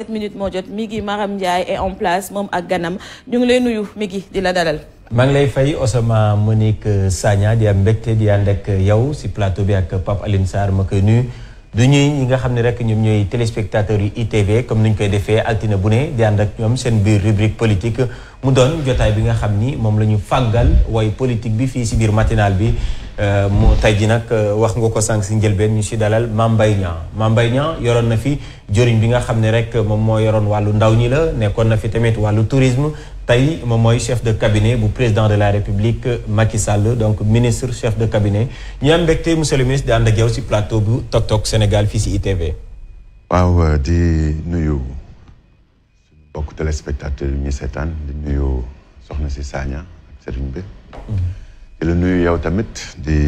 7 minutes moo jot mi ngi Maram Ndiaye est en place moom ak ganam ñu ngi lay nuyu mi ngi di la dalal. maa lay fay Osama Monique euh, Sagna di am mbégte di ànd ak euh, yow si plateau bi ak euh, Pape Alioune ma koy nuyu. du ñuy ñi nga xam ne rek ñoom ñooy téléspectateurs yu ITV comme ni ñu koy defee altine bu ne di ànd ak ñoom seen biir rubrique politique mu doon jotaay bi nga xam ni moom la ñu fàggal way politique bi fii si biir matinal bi. Euh, mu tey ji nag euh, wax nga ko sànq si njëlbeen ñu si dalal Mame Mbaye Niang Mame Mbaye Niang yoroon na fi jëriñ bi nga xam ne rek moom moo yoroon wàllu ndaw ñi la nekkoon na fi tamit wàllu tourisme tey moom mooy chef de cabinet bu président de la république Macky Sall donc ministre chef de cabinet ñu am mbégte monsieur le ministre di ànd ak yow si plateau bu Tok Tok Sénégal fii si ITV. waaw euh, di nuyu suñu mbokk téléspectateur yi ñu seetaan di nuyu soxna si Sagna ak Serigne bi. Mm-hmm di la nuyu yow tamit di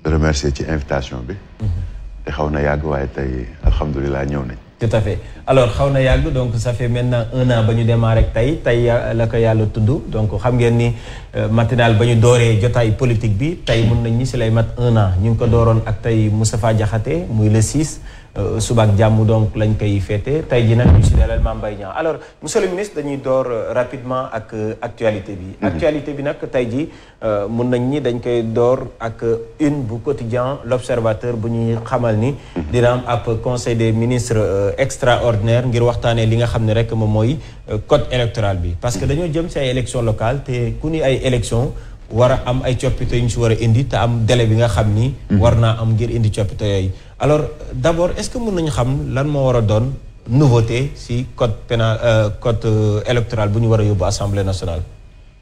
remercier ci invitation bi. te xawna na yàgg tay alhamdoulillah ñew ñëw nañ. tout à fait alors xawna na donc ça fait maintenant un an bañu ñu démarré rek tay tey euh, la ko yalla tudd donc xam ngeen ni euh, matinal bañu ñu dooree politique bi tay mën nañ ni si lay mat un an ñu ko dooroon ak tay Moustapha Diakhaté muy le 6. Euh, subak jamu donc lañ koy fété tay ji nak ñu ci dalal Mame Mbaye Niang alors monsieur le ministre dañuy door euh, rapidement ak euh, actualité bi mhm. actualité bi nak tay ji mën nañ ni dañ koy door ak une bu quotidien l'observateur bu ñuy xamal ni mhm. dina am ap conseil des ministres extraordinaire ngir waxtaanee li nga xamné rek mo moy code électoral bi parce que mhm. dañu jëm ci ay élection locale té ku ni ay élection wara am ay coppite yu ñu wara indi ta am délai bi nga xamni warna am ngir indi coppite yoy alors d'abord est-ce que mën nañu xam lan moo war a nouveauté si code pénal euh, code euh, électoral bu ñu wara yobu assemblée nationale.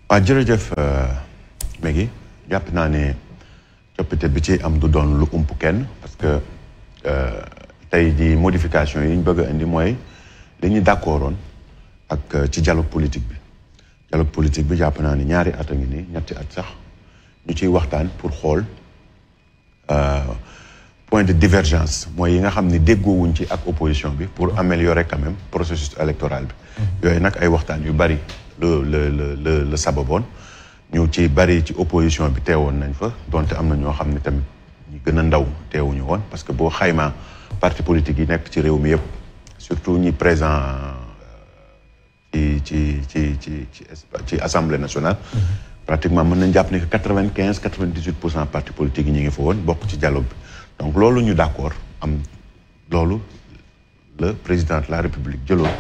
waaw ah, jërëjëf euh, Magui japp na né coppite bi ci am du doon lu ump kenn parce que euh, tay di modification yi ñu bëgg andi moy mooy li ñu d'accordoon ak ci dialogue politique bi. dialogue politique bi japp na ne ñaari at a ngi nii ñetti at sax ñu ci waxtaan pour xol euh point de divergence mooy yi nga xam ne déggoowuñ ci ak opposition bi pour améliorer quand même processus électoral bi y a ay waxtaan yu bari le le le le sababoon ñu ci bari ci opposition bi teewoon nañ fa donte am na ñoo a ne tamit ñu gën a ndaw teewuñu woon parce que boo xaymaa parti politique yi nekk ci réew mi yëpp surtout ñi présent euh, ci ci ci ci ci assemblée nationale mm-hmm. pratiquement on a 95-98% des partis politiques qui quatre vingt dix huit pour cent parti politique yi ngi ci dialogue donc loolu ñu d'accord am loolu le président de la république jëloon.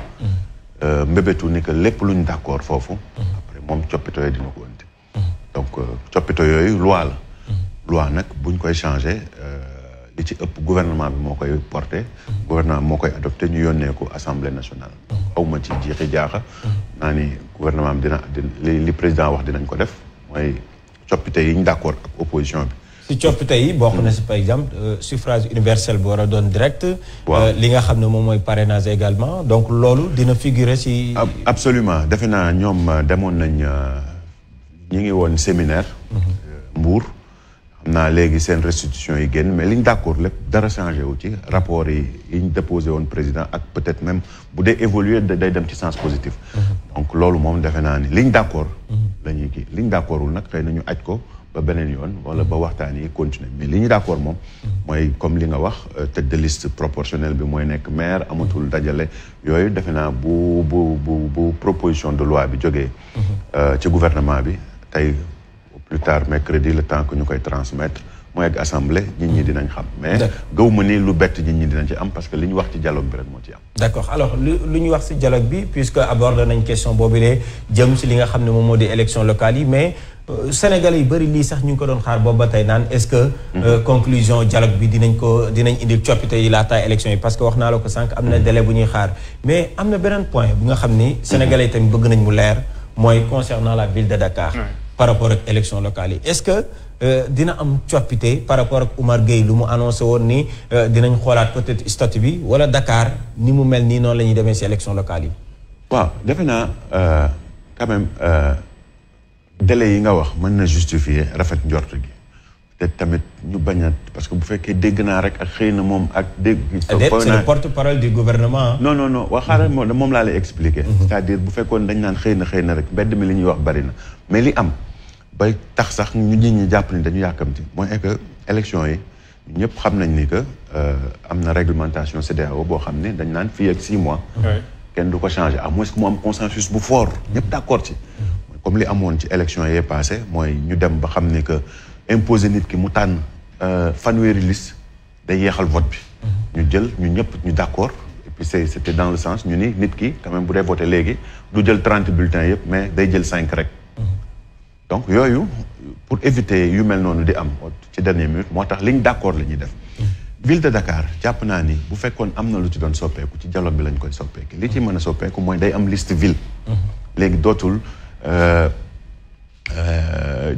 Euh, mbébétu ni que lépp lu d'accord foofu. après moom coppite yooyu dina ko indi. donc euh, coppite yooyu loi la. loi nak buñ koy changer euh, li ci ëpp gouvernement bi mo koy porté. gouvernement mo koy adopté ñu yónnee ko assemblée nationale. aw ci jiixi jaaxa. nani gouvernement bi dina li président wax dinañ ko def moy coppite yi ñu d'accord ak opposition bi si coppite yi bokk na si par exemple euh, suffrage universel bu war a direct. Euh, li nga xam ne moom parrainage également donc loolu dina figurer si. absolument defena ñom euh, demone nañ ñi ngi won séminaire. Mhm. Mbour. xam légui sen restitution yi génn mais liñ d'accord lepp dara changer wu ci rapport yi yi déposé président ak peut-être même bu évoluer day dem ci sens positif. Mhm. donc lolo, mom defena ni liñ d'accord. Mhm. la ñuy liñ d'accordul nak xëy na ñu ko ba beneen yoon wala ba waxtaan yi continuer mais li ñu d'accord moom mooy comme li nga wax euh, tête de liste proportionnelle bi mooy nekk maire amatul dajale yooyu defe naa bu bu bu bu proposition de loi bi jógee mhm. euh, ci gouvernement bi tey plus tard mercredi le temps que ñu koy transmettre mooy ak assemblée nit ñi dinañ xam mais gëwuma ni lu bett nit ñi dinañ ci am parce que li ñu wax ci dialogue bi rek moo ci am d'accord alors lu lu ñu wax ci dialogue bi puisque abordé nañ question boobu lee jëm ci li nga xam ne moom moo di élection locale yi mais euh, Sénégalais yi bëri lii sax ñu ko doon xaar boobu ba tey naan est-ce que. Euh, mhm. conclusion dialogue bi dinañ ko dinañ indi coppite yi laata élection yi parce que wax naa la ko sànq am na mhm. délai bu ñuy xaar mais am na beneen point bu nga xam ni. Sénégalais yi tamit bëgg nañ mu leer mooy concernant la ville de Dakar. par rapport ak élection locale yi est-ce que euh, dina am coppite par rapport ak Oumar Gueye lu mu annoncé woon ni dinañ xoolaat peut-être statut bi wala Dakar ni mu mel ni noonu la ñuy demee si élection locale yi. waaw defe naa quand même délai yi nga wax mën na justifier rafet njort gi tamit ñu parce que bu fekkee dégg naa rek ak xëy na ak dégg. c'est le porte-parole du gouvernement. Hein. non non non mm-hmm. mm-hmm. c'est-à-dire bu dañ rek mi li mais li am tax sax ñu nit ñi ni dañu que élection yi xam nañ que euh, réglementation dañ six mois. kenn du changer à moins que am consensus bu fort. d'accord mm-hmm comme li amoon ci élection yee passé mooy ñu dem ba xamné que imposer nit ki mu euh fanweeri liste day yéxal vote bi. Mhm. ñu jël ñu ñëpp ñu d'accord et puis c'était dans le sens ñu ni nit ki quand même bu dee voté léegi du jël 30 bulletins yépp mais day jël 5 rek. Mhm. donc yooyu pour éviter yu mel nonu di am ci dernier minute motax liñ d'accord lañuy def. Mhm. ville de Dakar japp na ni bu fekkone amna lu ci doon soppeeku ci dialogue bi lañ koy soppeeku. li ci mëna a soppeeku mooy day am liste ville. léegi dootul. 19 euh, euh,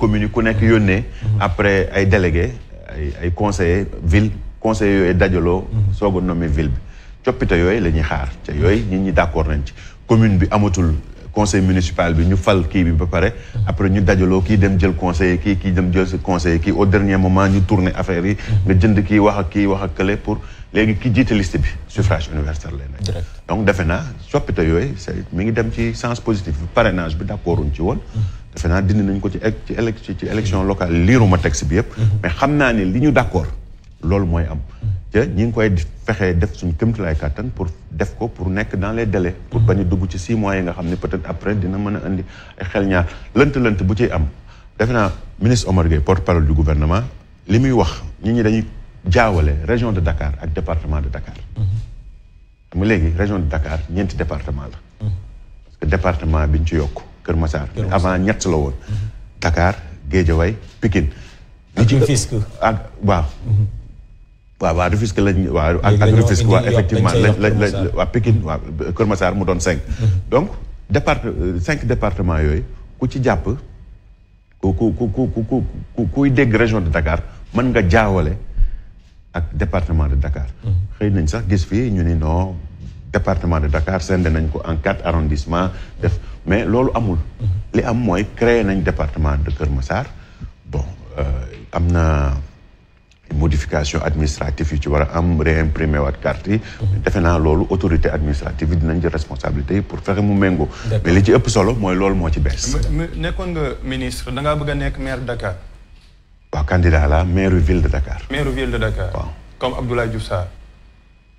communes, communes mhm. après ay délégués ay ay conseillers ville conseillers les qui les nommé ville les yoy xaar d'accord commune bi conseil municipal bi ñu fal ki bi ba paré après ñu dajalo ki dem jël conseiller ki ki dem jël conseiller ki au dernier moment ñu tourner affaire yi nga jënd ki wax ak ki wax ak kële pour légui ki jiite liste bi suffrage universel lay nekk donc defe naa soppite c'est mi ngi dem ci sens positif parrainage bi d'accord ci won defe naa dindi nañ ko e, ci ci élection locale liiruma texte bi yépp mm-hmm. mais xamna naa li ñu d'accord loolu mooy am te ñi ngi koy fexee def suñ këmtalaay kàttan pour def ko pour nekk dans les délais pour bañ dugg ci six mois yi nga xam ne peut-être après dina mën a indi xel ñaar lënt lënt bu ciy am defe naa ministre Omar Gueye porte-parole du gouvernement li muy wax nit ñi dañuy jaawale région de Dakar ak département de Dakar xam léegi région de Dakar ñeenti département la parce que département bi ñu ci yokk Kër Massar avant ñett la woon Dakar Guédiawaye Pikine li ci ak waaw waa Rufisque lañ waaw ak Rufisque waa effectivement la waa Pikine waa Kër Massar mu doon cinq mhm. donc départ euh, cinq départements yooyu ku ci jàpp ku ku ku ku ku kuy dégg région de Dakar mën nga jaawale ak département de Dakar mhm. xëy nañ sax gis fii ñu ni non département de Dakar sende nañ ko en quatre arrondissements def mais loolu amul mhm. li am mooy créer nañ département de Kër bon euh, am na modification administrative yu ci wara am réimprimer wat carte yi defé na lolu autorité administrative yi dinañ jël responsabilité pour faire mu mengo mais li ci ëpp solo moy lolu mo ci bess nekkoon nga ministre da nga bëgg a nekk maire Dakar waaw candidat la maire ville de Dakar maire ville de Dakar comme Abdoulaye Diouf sa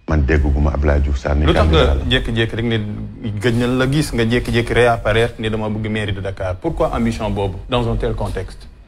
man dégguma Abdoulaye Diouf sa ni candidat lutax nga jékki rek ne gëj la gis nga jékki-jékki réapparaître ni dama bëgg maire de Dakar pourquoi ambition bobu dans un tel contexte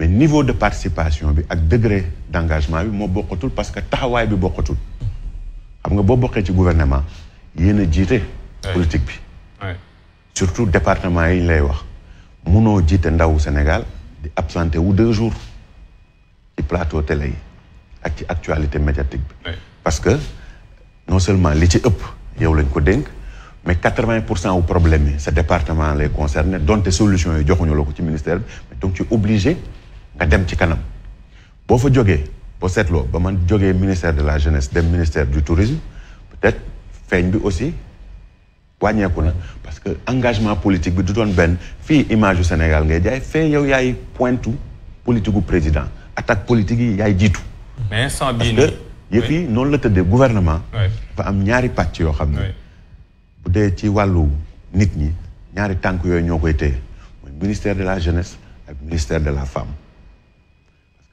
mais niveau de participation bi ak degré d'engagement, sont bi mo pas parce que taxaway bi bokkatul xam nga bo bokkee ci gouvernement yéna a de politique bi surtout département yi a lay wax munoo jité ndaw Sénégal di absenté wu deux jours ci plateau télé yi ak ci actualité médiatique bi parce que non seulement li ci ëpp yow lañ ko dénk mais 80% au wu problème yi département lay concerné donte solution solutions joxuñu lako ci ministère donc tu es obligé nga dem ci kanam bo fa jógee bo setlo ba man jógee ministère de la jeunesse dem ministère du tourisme peut-être feñ bi aussi wàññeeku na parce que engagement politique bi du doon ben fi image du Sénégal ngay jay fee yow yaay pointu politique gu président attaque politique yi yaay jiitu. mais sans bii parce que yëf non noonu la teudé gouvernement. fa am ñaari patch yo xamné bu dé ci walu nit ñi ñaari tank yooyu ñoo koy ministère de la jeunesse ak ministère de la femme.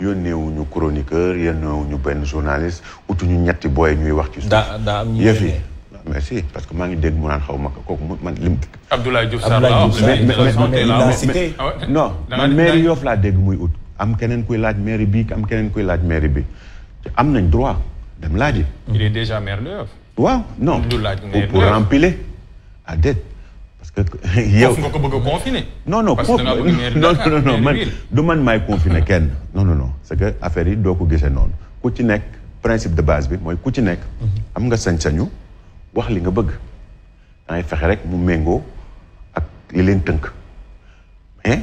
yónneewuñu chroniqueur yónneewuñu benn journaliste utuñu ñetti booy ñuy wax ci suuf. daa daa am parce que maa ngi dégg mu naan xaw ma kooku man lim. Abdoulaye Diouf Sarr laa wax mais non man mairie Yoff laa dégg muy ut. am keneen kuy laaj mairie bi am keneen kuy laaj mairie bi am nañ droit dem laaj il est déjà maire de Yoff. pour empiler à ah, dette. yow nga ko bëgg a confiner. non non parce que da ngaa non non man du man maay confiner kenn. non non non c'est que affaire yi doo ko gisee noonu ku ci nekk principe de base bi mooy ku ci nekk. am nga sañ-sañu wax li nga bëgg. dangay fexe rek mu méngoo ak li leen tënk mais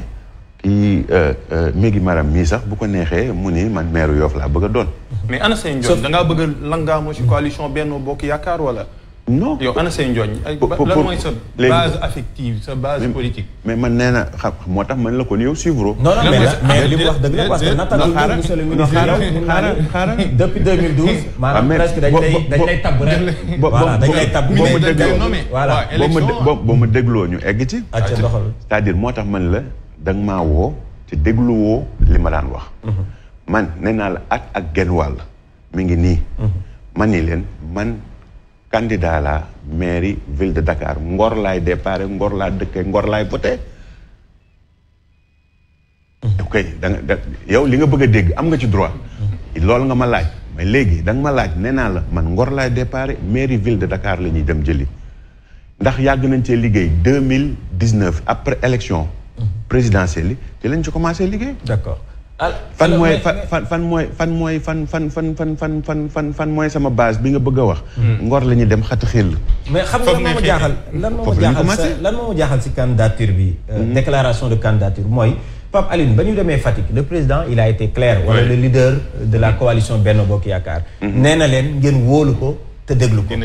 kii euh, euh, méegi maram mii sax bu ko neexee mu ni man maire Yoff laa bëgg a doon. mais ana say njoon da ngaa bëgg a langaamu ci coalition Benno Bokk Yaakaar wala. non C'est une base affective sa base politique. mais je suis sais pas si je man la suivre. non non mais je wax la parce que suis depuis 2012. maanaam presque je voilà tab c'est-à-dire que je suis la da nga maa je suis je suis man candidat la mairie ville de Dakar Ngor laay déparé Ngor laa dëkkee Ngor laay voté. Mhm. da nga yow li nga bëgg a dégg am nga ci droit. Mhm. loolu nga ma laaj mais léegi da nga ma laaj nee naa la man Ngor laay déparé mairie ville de Dakar la ñuy dem jëli. ndax yàgg nañ cee liggéey deux mille dix neuf après élection mhm. présidentielle yi te lañ ci commencé liggéey. d'accord. de candidature le président il a été clair. le leader de la hmm. coalition Benno te déglu ko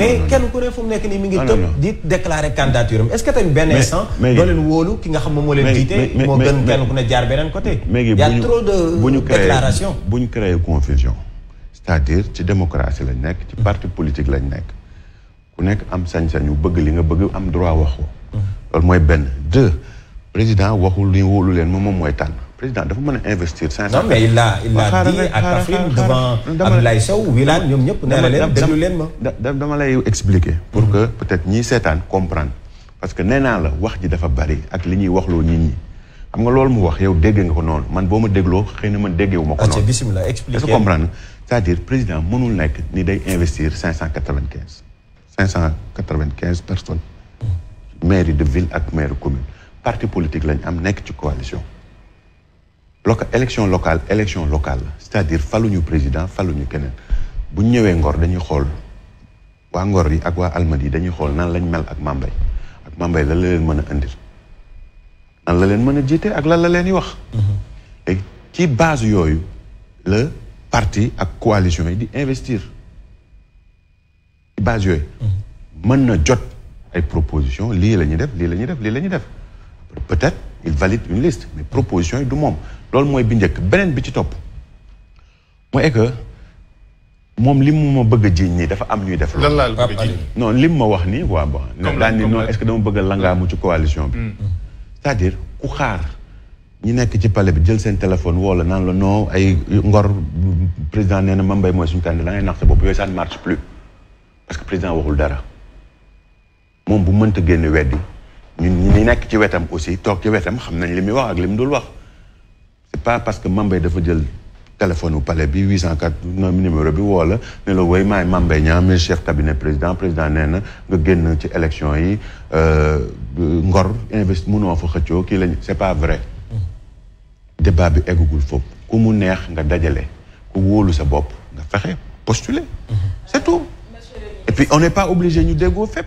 mais kenn ku ne fum nek ni mi ngi tëb di déclarer candidature est-ce que tamit benn instant do len wolu ki nga xam mo len dité mo moo gën kenn ku ne jaar benen côté y a trop de déclaration buñ créer confusion c'est-à-dire ci démocratie lañ nek ci parti politique lañ nek ku nek am sañ-sañu bëgg li nga bëgg am droit waxo mhm. lool moy ben deux président waxul li wolu len mo mom moy tan président dafa mën investir 595. non mais il a il a dit à Kaffrine devant Abdoulaye Sow Wilane ñom ñep nee la leen déglu leen ma dama lay expliquer. pour mhm. que peut-être ñi sétane comprendre. parce que nee la wax ji dafa bari ak li ñuy waxlo nit ñi xam nga loolu mu wax yow dégg nga ko noonu man boo ma dégloo xëy na man déggewu ma ko noonu. bismillah expliquer est comprendre c'est-à-dire président mënul nekk ni day investir 595. 595 personnes. Mhm. maire de ville ak maire commune parti politique lañ am nekk ci coalition. Bloc élection locale élection locale c'est-à-dire faluñu président faluñu keneen bu ñu ñëwee Ngor dañuy xool waa Ngor yi ak waa Almadies dañuy xool nan lañ mel ak Mambay ak Mambay lan la leen mën a nan la leen mën a jiite ak lan la leen di wax. léegi mm-hmm. ci base yooyu la parti ak coalition yi di investir ci base yooyu. Mm-hmm. mën na jot ay propositions lii la ñuy def lii la ñuy def lii la ñuy def peut-être il valide une liste mais propositions yi du moom. loolu mooy bi njëkk beneen bi ci topp mooy que moom li mu ma bëgg a jiiñ nii dafa am ñuy def. lan laa bëgg a jiiñ non lim ma wax nii quoi bon. comme daan ni non est-ce que dama bëgg a langaamu ci coalition bi. Mm. c'est-à-dire ku xaar ñi nekk ci pale bi jël seen téléphone woo la naan la noo ay ngor président nee na Mame Mbaye mooy suñu candidat da ngay nax sa bopp yooyu ça ne marche plus parce que président waxul dara moom bu mënta génn weddi ñun ñi nekk ci wetam aussi toog ci wetam xam nañ li muy wax ak li mu dul wax. c'est pas parce que Mambay dafa jël téléphone au palais bi 804 numéro bi wall la le la woy maay Mambay le mais chef cabinet président président de na nga génn ci élection yi euh, ngor investi mënoo fa xëccoo kii lañ c'est pas vrai mm. débat bi eggagul foofu ku mu neex nga dajale ku wóolu sa bopp nga fexe postuler mm-hmm. c'est tout et puis on n'est pas obligé ñu déggoo fépp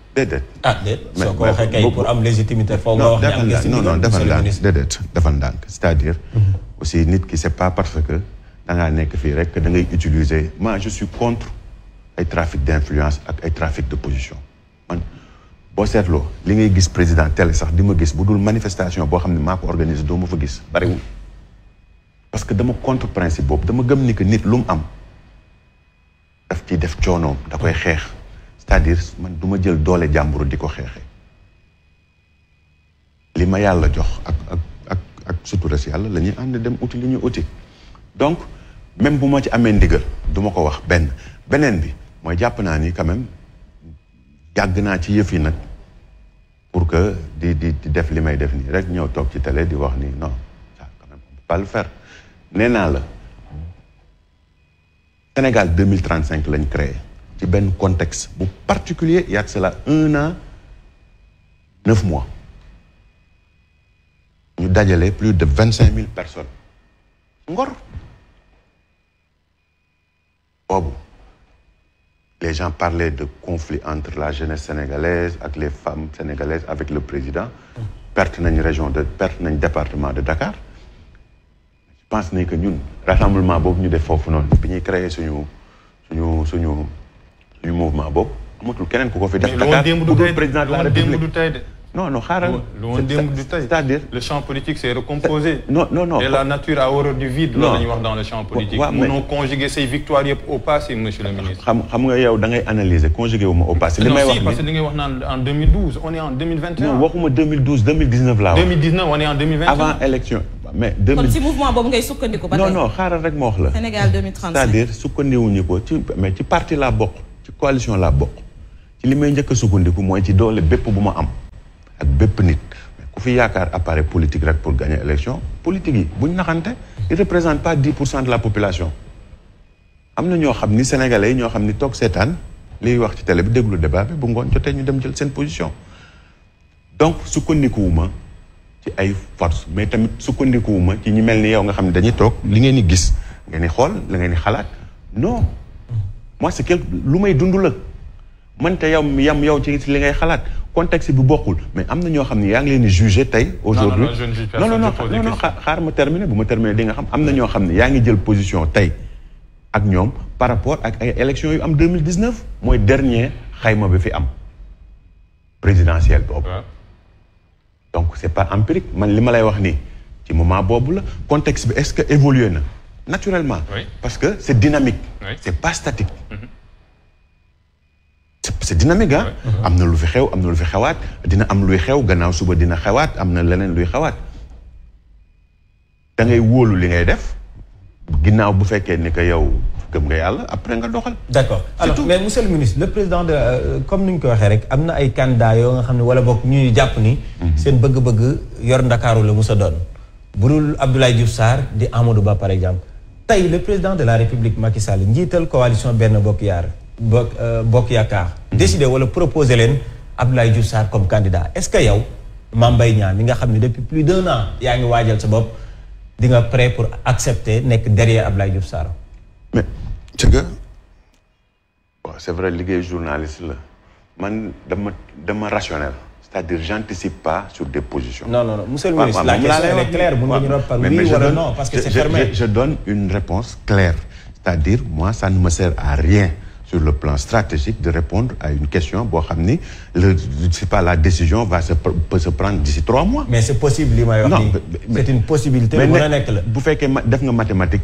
déedéet. ah déet soo ko kay pour am légitimité foo nga wax. am nga non non defal ndànk déedéet defal ndànk c'est-à-dire. Mhm. aussi nit qui c'est pas parce que da ngaa nekk fii rek da ngay utiliser moi je suis contre ay trafic d'influence ak ay trafic de position Bon, boo seetloo li ngay gis président télé sax di ma gis bu manifestation boo xam ne maa ko organisé doo ma fa gis parce que dama contre principe boobu dama gëm ni que nit lu am daf ciy def coonoom da koy xeex. cest man duma jël doole jàmbur di ko xeexee li ma yàlla jox ak ak ak ak sutura si yàlla la ñuy ànd dem uti li ñu uti donc même bu ma ci amee ndigal duma ko wax benn beneen bi mooy jàpp naa ni quand même naa ci yëf yi nag pour que di di def li may def nii rek ñëw toog ci télé di wax nii non ça quand même on peut pas le faire nee la Sénégal lañ créer dans un contexte y particulier que cela un an neuf mois Nous avons plus de 25 000 personnes les gens parlaient de conflit entre la jeunesse sénégalaise avec les femmes sénégalaises avec le président perte une région de perte département de Dakar je pense que nous rassemblement nous ñu def du mouvement bob amatul keneen ku ko fi def. Dakar dul président de la République non non xaaral. lu woon du c'est-à-dire. le champ politique s'est recomposé. Euh, non non non et la nature a horreur du vide. loolu la ñuy wax dans le champ politique. nous mais conjugué ces say victoires yëpp au passé monsieur le ministre. xam xam nga yow da ngay analyser conjuguer wu ma au passé. li may wax parce que li ngay wax naan en 2012 on est en 2021. non waxuma 2012 2019 là wax. 2019 on est en 2021. avant élection mais. 2000 kon si mouvement boobu ngay sukkandiku ba non non xaaral rek ma wax la. Sénégal 2035 c'est-à-dire sukkandiwuñu ko ci mais ci parti la bokk ci coalition la bokk ci limay ñëk njëkk a sukkandiku mooy ci doole bép bu ma am ak bép nit ku fi yaakar appareil politique rek pour gagner élection politique yi buñ naxanté il représente pas 10% de la population amna ño xamni sénégalais ño xamni tok sétane li wax ci télé bi déglu débat bi bu ngoon jotee ñu dem jël seen position donc sukkandikuwuma ci ay force mais tamit sukkandikuwuma ci ñi melni ni yow nga xamni dañuy tok li ngeen ni gis ngeen ni xol la ngeen ni xalaat non moi c'est quelque lu may man te mënta yam yam yow ci li ngay xalat contexte bi bokul mais amna ño xamni ya ne yaa ngi leen jugé Thaï aujourd'hui non non non non non xaar ma terminer bu ma terminer di nga xam amna ño xamni ya ne jël position tay ak ñom par rapport ak ay élections yu am 2019 moy dernier xayma bi fi am présidentiel bob donc c'est pas empirique man li ma lay wax ni ci moment bobu la contexte bi est-ce que évolué na naturellement. Oui. Parce que c'est dynamique. Oui. C'est pas statique. Mm -hmm. C'est dynamique hein? Amna lu fi xew am lu fi xewaat dina am luy xew gannaaw suba dina xewat, amna leneen luy xewat. da ngay wóolu li ngay def ginnaaw bu fekkee ni que yow gëm nga yàlla après nga doxal. d'accord alors mais monsieur le ministre le président de euh, comme ni ñu ko waxee rek am na ay candidats yoo nga xam ne wala boog ñuy jàpp ni. Mhm. seen bëgg-bëgg yor ndakaaru la musa doon. budul Abdoulaye Diouf Sarr di Amadou Ba par exemple le président de la république Macky Sall njiital coalition la coalition Bok, euh, proposer leen Abdoulaye comme candidat est ce que vous, Mambay membres vous savez nga depuis plus d'un an vous êtes prêts prêt pour accepter derrière Abdoulaye Diouf Sarr. mais c'est vrai les journaliste je man dama dama rationnel c'est-à-dire j'anticipe pas sur des positions. Non, non, non. Monsieur le ministre, la question est claire. Vous ne pas oui ou non, parce que c'est fermé. Je, donne une réponse claire. C'est-à-dire, moi, ça ne me sert à rien sur le plan stratégique de répondre à une question. Je ne le, pas, la décision va se, peut se prendre d'ici trois mois. Mais c'est possible, Non, c'est une possibilité. Mais, vous faites que des mathématiques,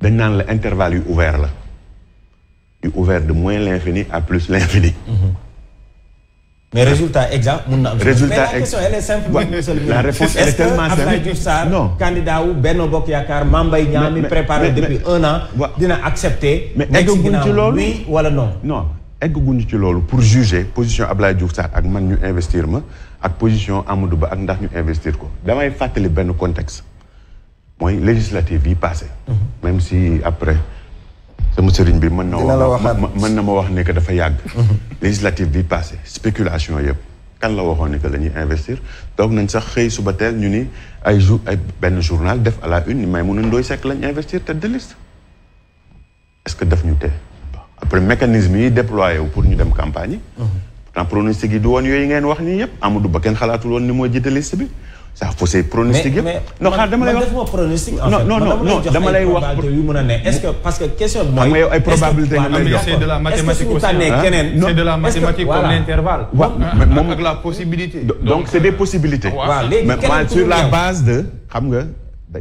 dans l'intervalle ouvert là, ouvert de moins l'infini à plus l'infini. Mhm mais résultat exact mun na am. résultat mais la question elle est simple. la réponse elle est tellement simple est-ce que Abdoulaye Diouf Sarr. candidat ou Beno Bokk Yaakaar Mame Mbaye Niang préparé depuis un an. dina accepter. mais eggaguñ ci loolu oui wala non. non eggaguñ ci loolu pour juger position Abdoulaye Diouf Sarr ak man ñu investir et ak position Amadou Ba ak ndax ñu investir ko damay fàttali benn contexte Moi, législative il passé. Mhm. même si après sama serigne bi man na mën na ma wax ne que dafa yàgg mhm. législative bi passé spéculation yëpp kan la waxoon ne que la investir donc nañ sax xëy suba teel ñu ni ay jour ay benn journal def à la une may Maïmouna Ndoye Seck la ñu investir tête de liste est-ce que daf ñu tee après mécanisme yi déployé wu pour ñu dem campagne yi mhm. pourtant pronostic yi du woon yooyu ngeen wax ni yëpp Amadou Ba kenn xalaatul woon ni mooy jiite liste bi ça faut pronostic yëpp. non xaar dama lay wax man defuma pronostic. non non non dama lay wax est-ce que parce que question bi. mooy ay probabilité de la mathématique aussi hein? Hein? c'est de la mathématique comme l'intervalle. donc hein? ak la possibilité. donc c'est des possibilités. waaw mais sur la base de. xam nga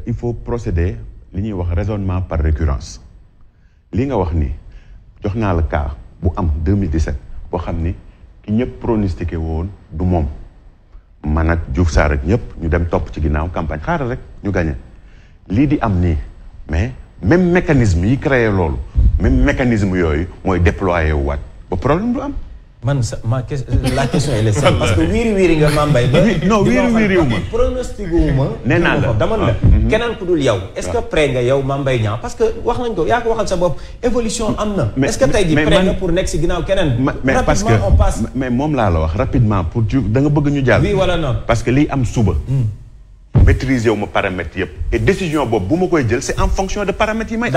il faut procéder li ñuy wax raisonnement par récurrence li nga wax ni jox na la cas bu am 2017 bo xam ni ki ñepp pronostiqué woon du moom. man ak Diouf Sarr ak ñëpp ñu dem topp ci ginnaaw campagne xaaral rek ñu gagné lii di am nii mais même mécanisme yi créé loolu même mécanisme yooyu mooy déployé waat ba problème du am man sa ma la question est simple parce que wiiri wiiri nga ma mbay ba. non wiiri wiiri wu naa la dama la ah, mhm. keneen ku dul yow. Ah. est-ce que prêt nga yow ma mbay parce que wax nañ ko yaa ko waxal sa bopp évolution am na. est-ce que tey jii prêt nga pour nekk si ginnaaw keneen. mais parce que mais moom laa la wax rapidement pour da nga bëgg ñu jàll. oui wala non parce que liy am suba. Hmm. maîtriser wu ma paramètres yëpp et décision boobu bu ma koy jël c'est en fonction de paramètres yi may.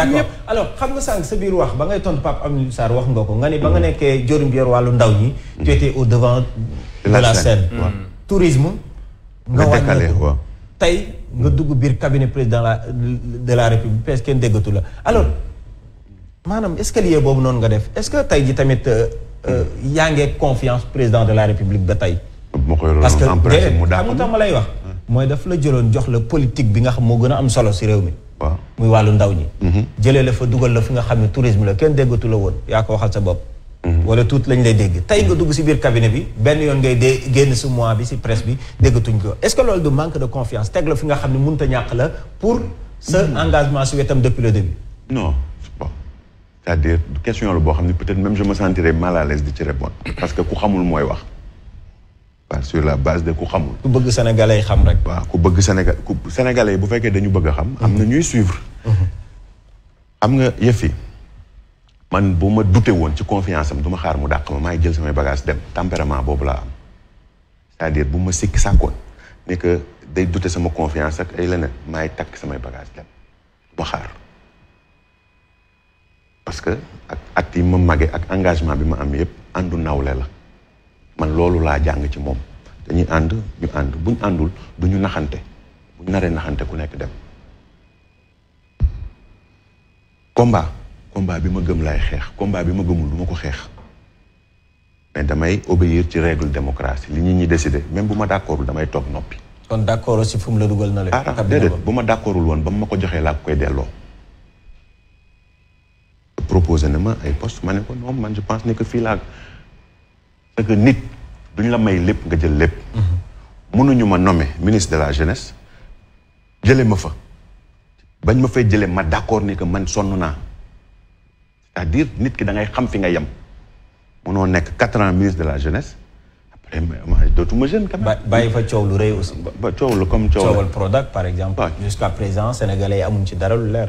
alors xam nga sànq sa biir wax ba ngay tontu Pape Amadou Sarr wax nga ko nga ni ba nga nekkee jëriñ biir wàllu ndaw ñi. tu étais au devant de la scène hmm. tourisme. nga décalé waaw tey nga dugg biir cabinet président de la république parce que kenn déggatu la alors maanaam escalier boobu noonu nga def est ce que tey ji tamit euh, euh, yaa ngee confiance président de la république de tey. parce que mu tax ma wax moy daf la jëloon jox la politique bi nga xam mo gën am solo ci réew mi. waaw muy wàllu ndaw ñi. Mm-hmm. jëlee la fa duggal la fi nga xam ne tourisme la kenn déggatu la woon ya ko waxal sa bop mm-hmm. wala tout lañ lay dégg tay nga dugg ci biir cabinet bi benn yoon ngay dé génn si mois bi ci presse bi déggatuñ ko est-ce que loolu du manque de confiance teg la fi nga xam ne mënut a ñàkk la pour sa mm-hmm. engagement si wetam depuis le début. non bon c'est-à-dire question la boo xam ne peut-être même je me sentirais mal à l'aise di ci répondre parce que ku xamul mooy wax sur la base de quoi bëgg sénégalais xam rek. ku sénégalais bu dañu bëgg xam. am suivre. Mhm. am nga man ma confiance am du xaar mu ma jël bagage dem tempérament c'est-à-dire bu ma je sàkkoon que day sama confiance ak ay maay takk samay bagage dem parce que ak at yi ma engagement man loolu laa jàng ci moom dañuy ànd ñu ànd buñ àndul du ñu naxante buñ naree naxante ku nekk dem combat combat bi ma gëm laay xeex combat bi ma gëmul du ko xeex mais damay obéir ci règle démocratie li ñu ñi décider même bu ma d'accordul damay toog noppi kon d'accord aussi fu mu la dugal na la ah, ah déedéet bu ma d'accordul woon ba mu ma ko joxee laa koy delloo proposé na ma ay post ma ne ko non man je pense ne fii laa que nit duñ la may lepp nga jël lépp. mënuñu ma nommer ministre de la jeunesse Jëlé ma fa bañ ma fay jëlé ma d'accord ni que man sonn naa c'est-à-dire nit ki da ngay xam fi nga yam. Mëno nek 4 ans ministre de la jeunesse après d'autres dootuma jeune quand même. bàyyi fa coow lu reuy aussi. ba coow lu comme coow la product par exemple. jusqu'à présent sénégalais yi amuñ ci dara lu leer.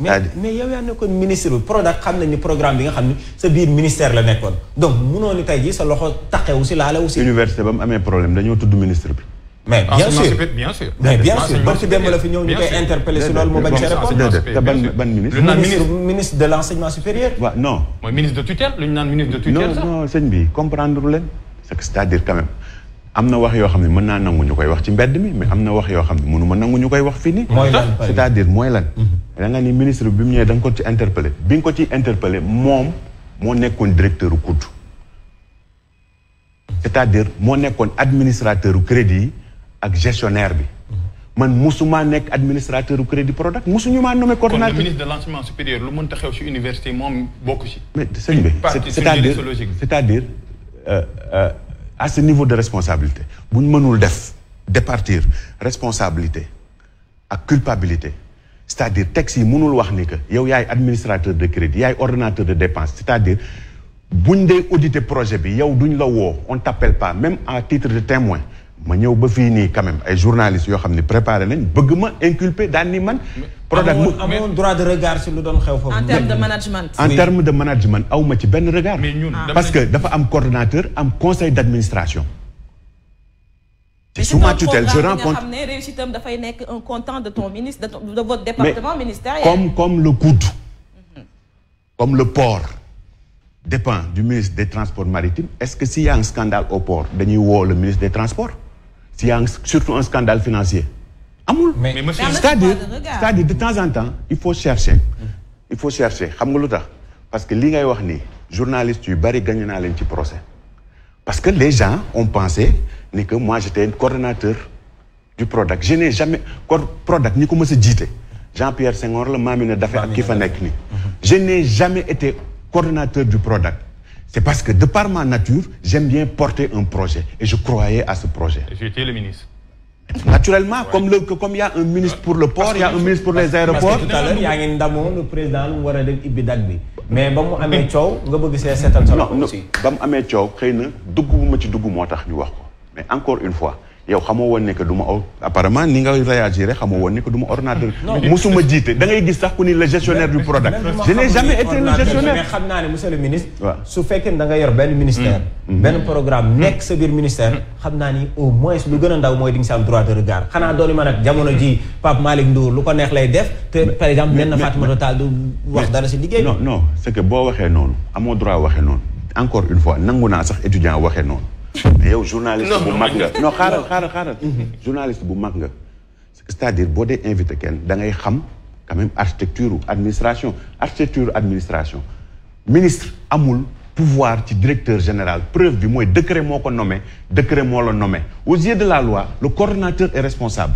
mais il y a un ministre le programme programme bi nga ministère donc il a sa loxo la université un ministre mais ah, bien sûr bien sûr. mais bien sûr Bien sûr, la ministre. ministre de l'enseignement supérieur. non. ministre de tutelle ministre de non non bi comprendre leen. que c'est à dire quand même. amna wax yo xamni meuna mën naa nangu ñu wax ci mbedd mi mais amna wax yo xamni ne mënu ma nangu ñu wax fini kon c'est-à-dire moy lan mhm. da nga ni ministre bi mu ñëwee dang ko ci interpeller bi ko ci interpeller mom mo directeur coût c'est-à-dire mo administrateur crédit ak gestionnaire bi mhm. man musuma nek administrateur crédit Prodac musuñu ma nommé coordinateur kon ministre de l'enseignement supérieur lu mënta xew ci université mom bokku ci c'est-à-dire c'est-à-dire euh, euh, à ce niveau de responsabilité vous ne mënul pas départir responsabilité à culpabilité c'est-à-dire texte vous mënul wax ni que yow yaay administrateur de crédit un ordonnateur de dépenses. c'est-à-dire buñ si auditer projet bi yow duñ la t'appelle pas même à titre de témoin ma ñëw ba quand même ay journalistes qui ont préparé nañ bëgg inculpé inculper daan ni man. droit de regard sur lu doon en termes de management. en termes de management aw ma ci benn regard. Ah. parce que dafa am coordinateur, am conseil d'administration. C'est sous ma tutelle je rencontre mais un content de ton ministre de votre département ministériel. comme comme le coude, comme le port. dépend du ministre des transports maritimes est-ce que s'il y a un scandale au port dañuy woo le ministre des transports y a un, surtout un scandale financier. Amoul. mais c'est-à-dire c'est-à-dire de temps en temps il faut chercher. il faut chercher xam nga lu parce que li ngay wax nii journaliste yu bari gagné naa leen ci procès parce que les gens ont pensé ni que moi j'étais coordinateur du product, je n'ai jamais product ni ñi ko mës a Jean-Pierre Senghor le Mamina d'affaires ak ki fa nekk je n'ai jamais été coordinateur du product. C'est parce que de par ma nature, j'aime bien porter un projet et je croyais à ce projet. J'étais le ministre. Naturellement, comme il y a un ministre pour le port, il y a un ministre pour les aéroports. Parce que tout à l'heure, il y a un damon, le président, nous a dit Ibidagbi. Mais bon, amé tchou, vous avez dit que c'est un Non, non, amé tchou, créé, dougou, je dougou, un dougou, mais encore une fois, yow xamoo woon ne que du ma aw apparemment ni nga réagir xamoo woon ne que du ma ordinateur. musuma jiite da ngay gis sax ku ni le gestionnaire du product. je n'ai jamais été le gestionnaire mais xam naa ne monsieur le ministre. su fekkee da nga yor benn ministère. Mm. Mm. benn programme mm. nekk sa biir ministère. xam naa ni au moins lu gën a ndaw mooy di nga si am droit de regard xanaa doon ma nag jamono ji Pape Malick Ndour lu ko neex lay def. te par exemple benn Fatimata Tall du wax dara si liggéey. non non c'est que boo waxee noonu amoo droit waxee noonu encore une fois nangu naa sax étudiant waxee noonu yow eh, journaliste bu mag nga non xaaral xaaral xaaral journaliste bu mag c'est-à-dire boo dee invité kenn da ngay xam quand même architecture administration architecture administration ministre amul pouvoir ci directeur général preuve bi mooy décret moo ko nommé décret moo la nommé aux yeux de la loi le coordinateur est responsable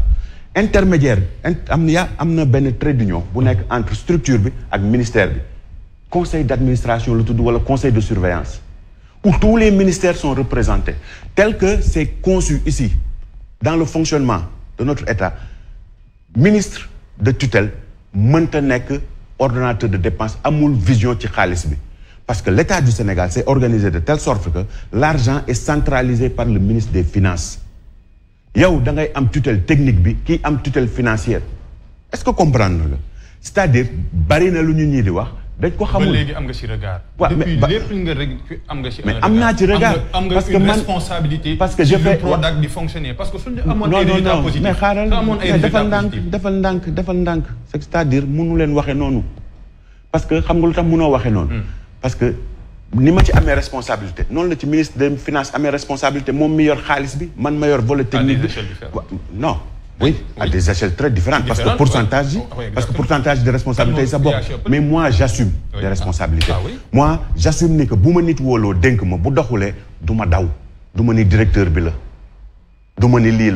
intermédiaire il y a na benn trait d'union bu entre structure bi ak ministère bi conseil d'administration le wala conseil de surveillance où tous les ministères sont représentés, tel que c'est conçu ici, dans le fonctionnement de notre État, ministre de tutelle mënta que ordonnateur de dépenses, moule vision ci Khalis. parce que l'État du Sénégal s'est organisé de telle sorte que l'argent est centralisé par le ministre des Finances Il da ngay am tutelle technique qui est une tutelle financière est-ce que vous comprenez c'est-à-dire bari de l'Union ñu dañ ko xamul léegi am ci regard. waaw mais depuis am nga ci. mais am naa ci regard parce que man am nga une responsabilité. parce que je fais Prodac di fonctionner parce que suñu amoon ay résultats positifs defal ndànk defal ndànk defal ndànk. cest à leen waxee noonu parce que xam nga lu tax noo waxee noonu. Hmm. parce que ni ma ci amee responsabilité noonu la ci ministre de finance amee responsabilité moom mi xaalis bi man ma yor volet ah, technique bi non. Oui, à des échelles très différentes. parce que pourcentage, parce que pourcentage de responsabilité, ça bon. Mais moi, j'assume des responsabilités. Ah, ah moi, j'assume que si je suis wolo denk ma bu doxulé duma daw duma ni directeur bi la duma ni li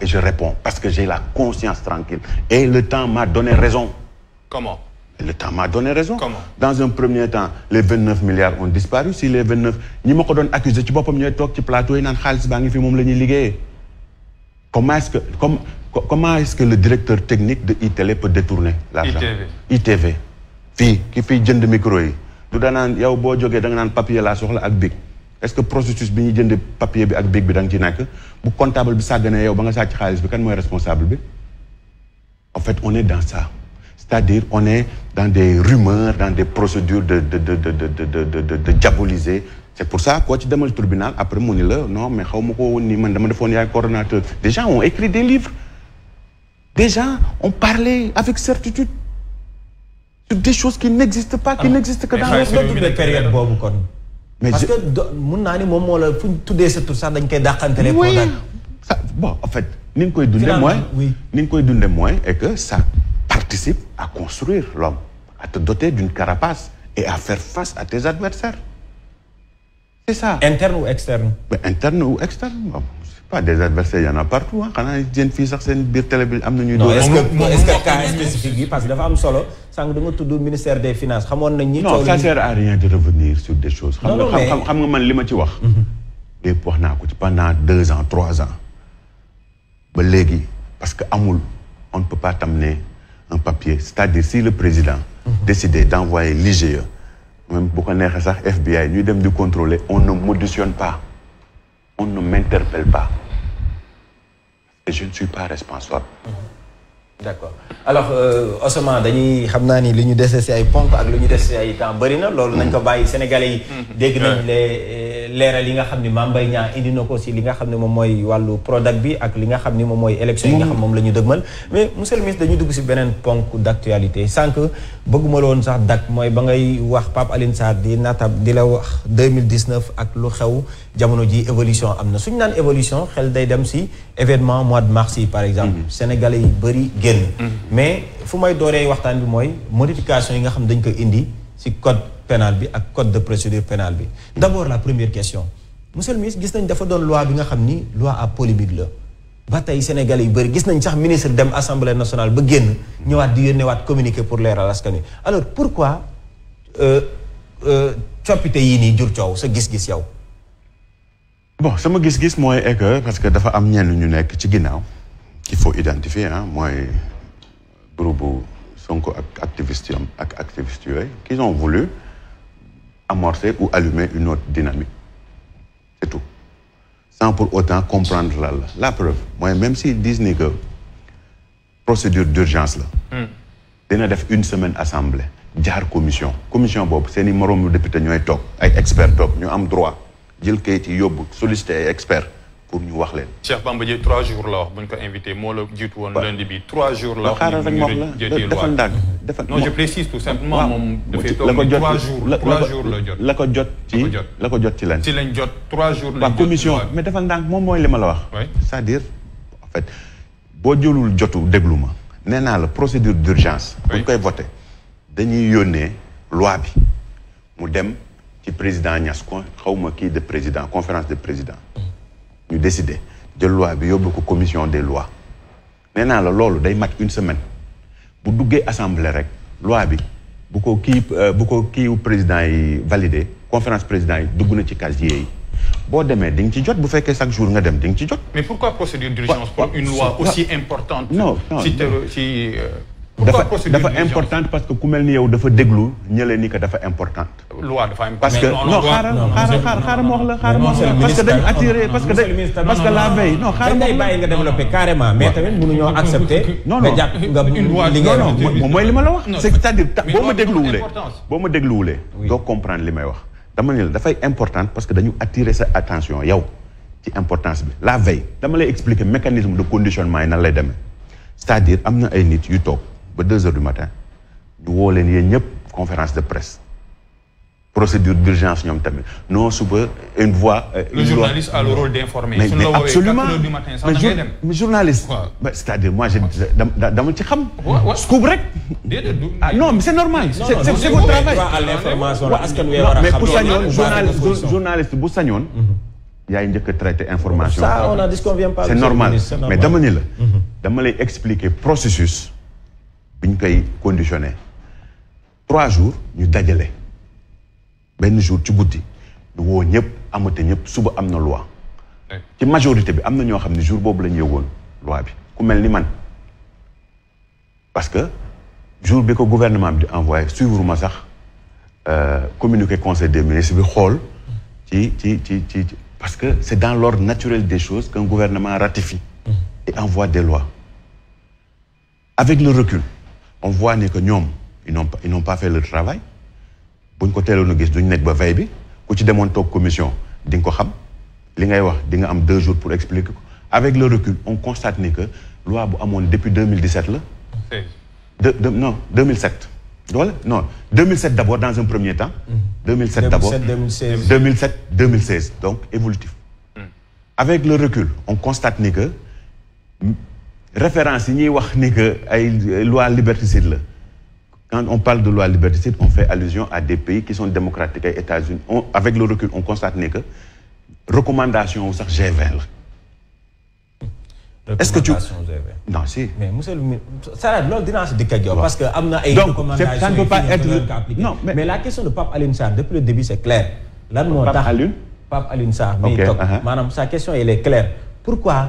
et je réponds parce que j'ai la conscience tranquille et le temps m'a donné raison. Comment le temps m'a donné raison. Comment Dans un premier temps, les 29 milliards ont disparu. Si les 29, ñi mako donne accuser ci bopam ñoy tok ci plateau yi nan xaliss ba fi mom Comment est-ce que, comment est-ce que le directeur technique de ITV peut détourner l'argent ITV Qui ki fiy jënd micro yi du a yow boo jógee da nga un papier laa soxla ak est-ce que processus de papier bi ak bic bi da nga ci le comptable bi sàgganee yow ba nga responsable en fait on est dans ça c'est-à-dire on est dans des rumeurs dans des procédures de de de de de de de de diaboliser c'est pour ça quoi tu le tribunal après mon non mais xaw ma ni man dama defoon des ont écrit des livres Déjà, on parlait avec certitude sur des choses qui n'existent pas qui ah. n'existent que dans le période bobu kon mais parce que mon nani moment moom la fu ñu ce sa ça sax dañ koy dàqantele bon en fait ni nga koy dundé moins, ni koy dundé moins et que ça participe à construire l'homme à te doter d'une carapace et à faire face à tes adversaires c'est ça. Interne ou externe ben, Interne ou externe pas des adversaires, il y en a partout. Hein. Quand on a une fille, c'est une bière télé, il y a une Est-ce que cas spécifique, parce que y a un solo, ça nous demande tout le ministère des Finances. Non, ça ne sert à rien de revenir sur des choses. Je sais ce que je dis. Et pour pendant deux ans, trois ans, parce qu'Amoul, on ne peut pas t'amener un papier. C'est-à-dire, si le président mhm. décidait d'envoyer l'IGE, même pour qu'on ait FBI nous dem nous contrôler on ne m'auditionne pas on ne m'interpelle pas et je ne suis pas responsable. d'accord alors euh, Ousmane dañuy xam naa ni li ñu dese si ay ponk ak li ñu dese si ay temps bëri na loolu nañ ko bàyyi sénégalais yi. Mm-hmm. dégg nañ les euh, leeral yi nga xam ni Mame Mbaye Niang indi na ko si li nga xam ne moom mooy wàllu Prodac bi ak li nga xam ni moom mooy élection yi nga xam mm-hmm. moom la ñu dëgmal. mais monsieur le dañuy dugg si beneen ponk d' actualité sànq bëgguma la woon sax dak mooy ba ngay wax Pape Alioune Sarr di natab di la wax 2019 ak lu xew. jamono ji évolution amna suñ nane évolution xel day dem ci événement mois de mars par exemple mhm. sénégalais yi bëri génn mhm. mais fu may dooree waxtaan bi mooy modification yi nga xam dañ ko indi si code pénal bi ak code de procédure pénale bi d'abord la première question monsieur le ministre gis nañ dafa doon loi bi nga xam ni loi à polémique la ba tey sénégalais yi bëri gis nañ sax ministre dem assemblée nationale ba génn ñëwaat di yónneewaat communiqué pour leeral askan wi alors pourquoi euh, euh, coppite yi nii jur coow sa gis-gis yow bon ça que je mooy moi que parce que dafa am ñenn ñu qui ci qu'il faut identifier hein, moi, groupe Sonko activiste ont voulu amorcer ou allumer une autre dynamique c'est tout sans pour autant comprendre la la preuve Moi, même s'ils disent que procédure d'urgence la hmm. dina def une semaine assemblée une commission commission c'est ni i moroomu député ñooy toog ay experts nous ñu am droit jël kayit yi yóbbu sollicité ay experts pour ñu wax leen. Cheikh Bamba Dièye trois jours la wax bu ñu ko invité moo la jiitu woon lundi bi trois jours la wax. xaaral rek moom la defal defal non je précise tout simplement moom. dafay toog trois jours trois jours la jot la ko jot ci la ko jot ci lan. ci lañ jot trois jours lañ jot commission mais defal ndànk moom mooy li ma la wax. c'est-à-dire en fait boo jëlul jotu déglu ma nee naa la procédure d'urgence. bu ñu koy voté dañuy yónnee loi bi mu dem le président Niasco, ko qui est qui de président conférence de présidents nous décidons de loi bi yóbbu commission des lois mais naa la il day a une semaine pour que assemblée rek loi bi bu ko euh, président yi validé conférence président yi dugg na ci casier bon demain ding fait ci jot bu chaque jour nga ding jot. mais pourquoi procédure à une loi aussi importante. non non euh, dafa dafa importante parce que ku mel ni yow dafa déglu ñële ni que dafa importante. loi dafa importante parce que non xaaral xaaral xaaral ma wax la xaaral ma wax parce que dañu attiré parce que dañu parce que la veille non xaaral ma wax la dañ lay bàyyi nga développé carrément mais tamit mënuñoo accepté. non non nga jàpp nga li nga non mooy li ma la wax. c'est-à-dire boo ma dégluwulee boo ma dégluwulee. doo comprendre li may wax. dama ne dafay importante parce que dañu attirer sa attention yow ci importance bi la veille dama lay expliquer mécanisme de conditionnement yi nan lay demee c'est-à-dire am na ay nit yu toog ba deux heures du matin nous wolen leen yéen ñëpp conférence de presse procédure d'urgence ñoom tamit non suba une voix. Euh, le journaliste a le rôle d'informer. mais mais absolument mais journaliste. Bah, c'est-à-dire moi je dama ci xam. scoop rek. ah non mais c'est normal. c'est c'est votre travail. mais pour sañoon journaliste journaliste bu sañoon. Mhm. yaay a traité information. ça on n'en disconvient pas. c'est normal mais dama ni la. Mhm. dama lay expliquer processus nous avons koy conditionné trois jours nous avons benn jour ci guddi nous woo ñëpp amate ñëpp suba loi La majorité bi avons na ñoo jour où la loi bi ku parce que le jour où le gouvernement bi envoyé suivre ma sax euh, communiqué conseil des ministres parce que c'est dans l'ordre naturel des choses qu'un gouvernement ratifie mmh. et envoie des lois avec le recul on voit que nous, ils n'ont ils n'ont pas fait le travail Pour ñu ko teeloon a gis duñ nekk ba veille bi ku ci commission de le ko xam li ngay wax di deux jours pour expliquer avec le recul on constate que loi a amoon depuis 2017 là. de de non 2007. non 2007 d'abord, dans un premier temps. 2007 d'abord. 2007 2016. 2007 2016 donc évolutif. Hmm. avec le recul on constate que référence yi ñuy wax ni que ay loi liberticide la quand on parle de loi liberticide on fait allusion à des pays qui sont démocratiques les États-Unis avec le recul on constate que recommandation wu sax G20 est-ce que tu non si. mais monsieur le ministre Ça, loolu dinaa de parce que Amna a ay. recommandations ça ne peut pas être non mais. mais la question de Pape Alun Sarr depuis le début c'est clair. Là, Pape Alioune Pape Alioune Sarr. Uh-huh. sa question elle est claire. pourquoi.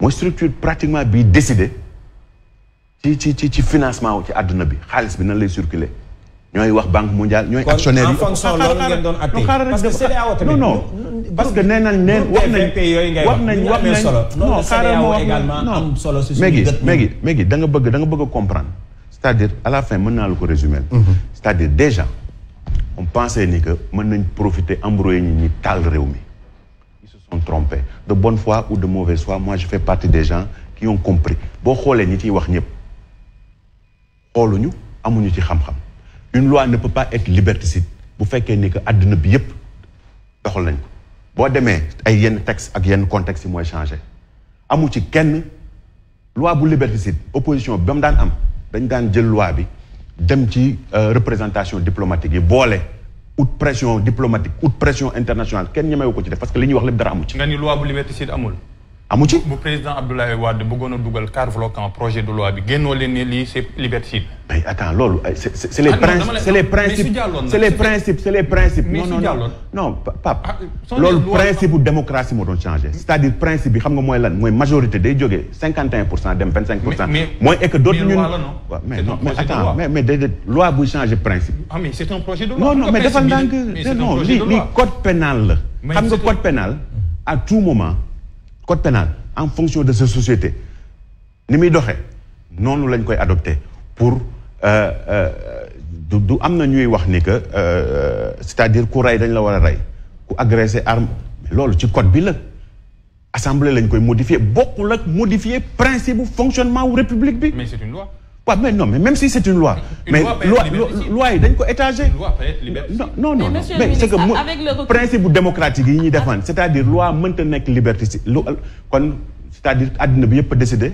Mon structure pratiquement bii décidé ci ci ci ci financement ci aduna bi bi nan lay circuler banque mondiale que non parce que wax nañ wax nañ non également mais da comprendre c'est-à-dire à la fin résumer. c'est-à-dire déjà on pensait que profiter sont trompés de bonne foi ou de mauvaise foi moi je fais partie des gens qui ont compris Si xoolee ñi ciy wax ñëpp xooluñu une loi ne peut pas être liberticide vous faites ni que àdduna bi yépp doxal nañ ko ay yenn texte ak yenn contexte qui mooy changé amu ci kenn loi bu liberticide opposition bi ba mu daan am loi bi dem ci euh, représentation diplomatique yi out pression diplomatique out pression internationale kenn ñemewu ko ci def parce que li ñuy wax lépp dara amu ci. nga ni loi bu liberticide amul. amu président Abdoulaye Wade projet de loi c'est liberté mais attends c'est les principes c'est les principes c'est les principes non non non ah, non Pape Le principe de démocratie changé c'est-à-dire principe le principe, nga la majorité des 51%, 25%, d'autres mais mais attends mais mais loi principe ah mais c'est un projet de loi non non mais mais, que... non code pénal code pénal à tout moment code pénal en fonction de sa société ni non pour euh, euh, du du euh, c'est-à-dire ku la a ku code bi la assemblée lañ modifier principe fonctionnement ou république mais c'est une loi waaw mais non mais même si c'est une loi. Une mais loi loi yi ko étagé. non non non mais c'est que le principe il démocratique yi ñuy défendre c'est-à-dire loi mënta que liberticide c'est-à-dire àddina bi yëpp décider.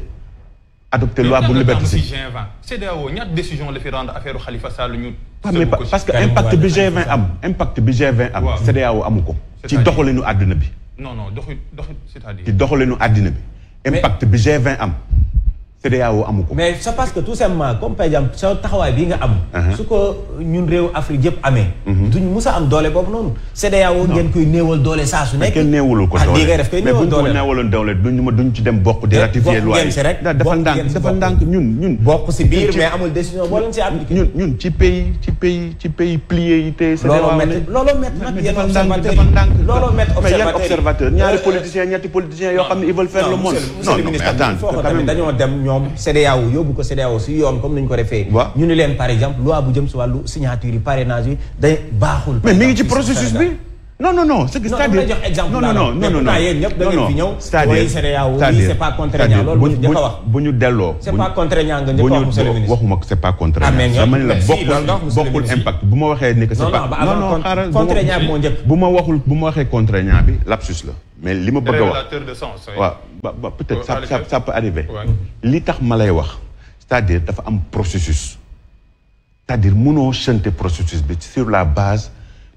Adopter loi pour liberticide mais CEDEAO des décision la fi rendre au Khalifa Sall ñu. mais parce que impact bi 20 am impact bi 20 am. waaw CEDEAO amu ko. ci doxalinu nous bi. non non c'est-à-dire. ci doxalinu nous bi. impact bi 20 am. CEDEAO amu mais c'est parce que tout simplement comme par exemple sa taxawaay bii nga am. Uh-huh. su ko ñun réew Afrique yëpp amee. Uh-huh. duñ mus a am doole boobu noonu. CEDEAO ngeen koy néewal doole saa su nekk. Ah, néewal doole mais buñ ko ci dem bokk. di eh, ratifier loi yi e looloo métti observateur ñaari politiciens ñetti politiciens yoo xam ne ils le monde non non mais attends quand même dañoo dem ñoo ñoom CEDEAO yóbbu ko CEDEAO si yoon comme nañu ko defee ñu ni leen par exemple loi bu jëm si wàllu signature yi parrainage yi day baaxul mais mi ngi ci processus bi non non non c'est que c'est-à-dire non waxuma c'est pas contraignant dama bu ma waxee ni que c'est pas non non contraignant bu ma waxul bu ma waxee contraignant bi lapsus la mais li ma bëgg a wax de sens. waaw peut-être ça ça ça peut arriver. li tax malay wax. c'est-à-dire dafa am processus. c'est-à-dire mëno chanter processus bi sur la base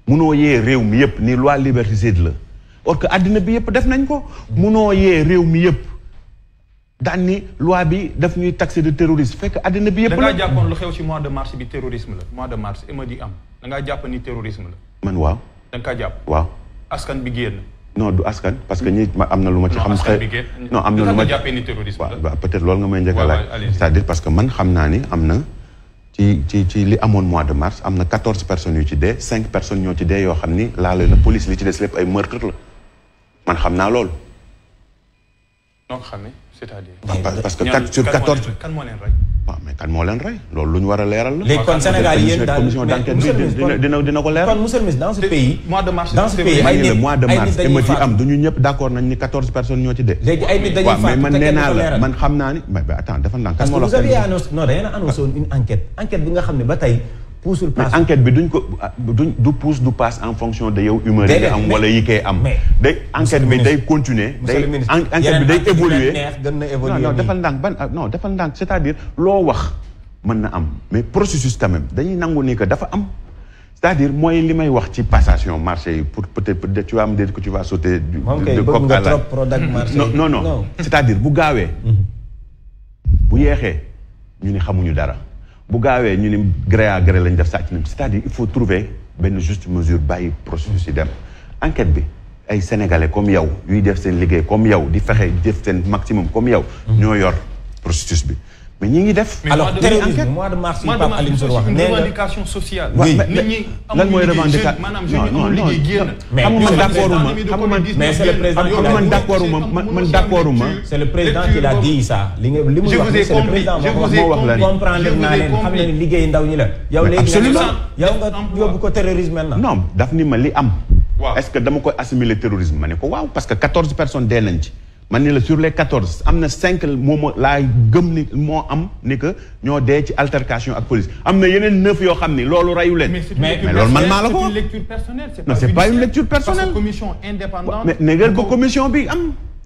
mëno yé réew mi yëpp ni loi liberticide la or que adina bi yëpp def nañ ko. mëno yé réew mi yëpp daan ni loi bi daf ñuy taxé de terroriste fekk adina bi yëpp. da ngaa jàppoon lu xew ci mois de mars bi terrorisme la mois de mars émeute di am da nga japp ni terrorisme la. man waaw. da nga japp jàpp waaw. askan bi génn. non du askan parce que ñi ma am na lu ma ci xam xëy am na lu ma waaw peut-être loolu nga may njëkk a laaj cest dire parce que man xam naa ni am na ci ci ci li amoon mois de mars am na quatorze personnes yu ci dee cinq personnes ñoo ci dee yoo xam ni laale na police li ci des lépp ay meurtre la man xam naa loolu donc xam ne c'est-à-dire parce que sur quatorze kan waaw kan moo leen rey loolu lu ñu war a leeral la. léegi kon Sénégal daal dina ko leeral. kon mois de mars dans mois de mars émeutes yi am du ñu ñëpp d' nañ ni quatorze personnes ñoo ci dee. léegi ay la man xam naa ni mais mais attends dafa kan moo la non da ngeen a annoncé une enquête enquête bi nga xam ne ba tey pousse le passe. enquête bi duñ ko duñ du puus du paas en fonction de yow humeur yi am wala yi koy am. day enquête mais day continuer day enquête bi day évoluer ah, non defal ndank ban non defal ndank, c'est-à-dire lo wax mën na am mais processus quand même dañuy nangu ni que dafa am c'est-à-dire mooy li may wax ci passation marché pour peut-être peut tu vas me dire que tu vas sauter du coq à l'âne non non non c'est-à-dire bu gaawee mhm. bu yeexee ñu ne xamuñu dara bu gaawee ñu ni gré à gré lañ def sàcc nañ cest il faut trouver benn juste mesure bàyyi processus yi dem enquête bi ay sénégalais comme yow yuy def seen liggéey comme yow di fexe def seen maximum comme yow mm-hmm. ñoo yor processus bi mais ñi ngi def. alors tey enquête mois de mars yi Pape Alioune Sow wax nee nga revendication sociale. oui nit ñi amuñu liggéey jeune maanaam jeune non non mais xam nga man d' accord uma xam nga man mais c' est le président qui l' a dit man d' accord uma man d' accord uma. c' est le président qui l' a dit ça. li nga li muy wax nii c' est le président moo wax la ni comprendre naa leen xam na ni liggéey ndaw ñi la. yow léegi nga yow nga yóbbu ko terrorisme maintenant. non daf ni ma li am. waaw est ce que dama koy assimiler terrorisme ma ne ko waaw parce que quatorze personnes dee nañ ci. sur les 14, amna 5 moments la gemni mo am ni que ño dé ci altercation ak police. Amna yenen 9 yo xamni lolu rayou len. Mais lolu man C'est une lecture personnelle, c'est pas une lecture personnelle. C'est une commission indépendante. Mais négal ko commission bi am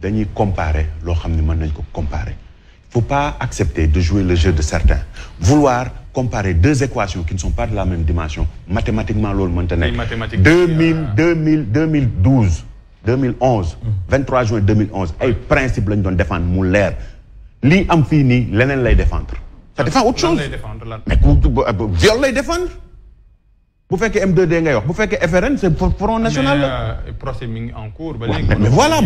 dañuy comparer Il ne comparer faut pas accepter de jouer le jeu de certains vouloir comparer deux équations qui ne sont pas de la même dimension mathématiquement l'homme mënta 2000, 2000, 2000 2012, 23 juin 2011, les principes principe défendre Mouler, li am défendre ça défend autre chose mais viol lay défendre faites que M2D vous faites que FRN c'est front national mais euh, procès en cours voilà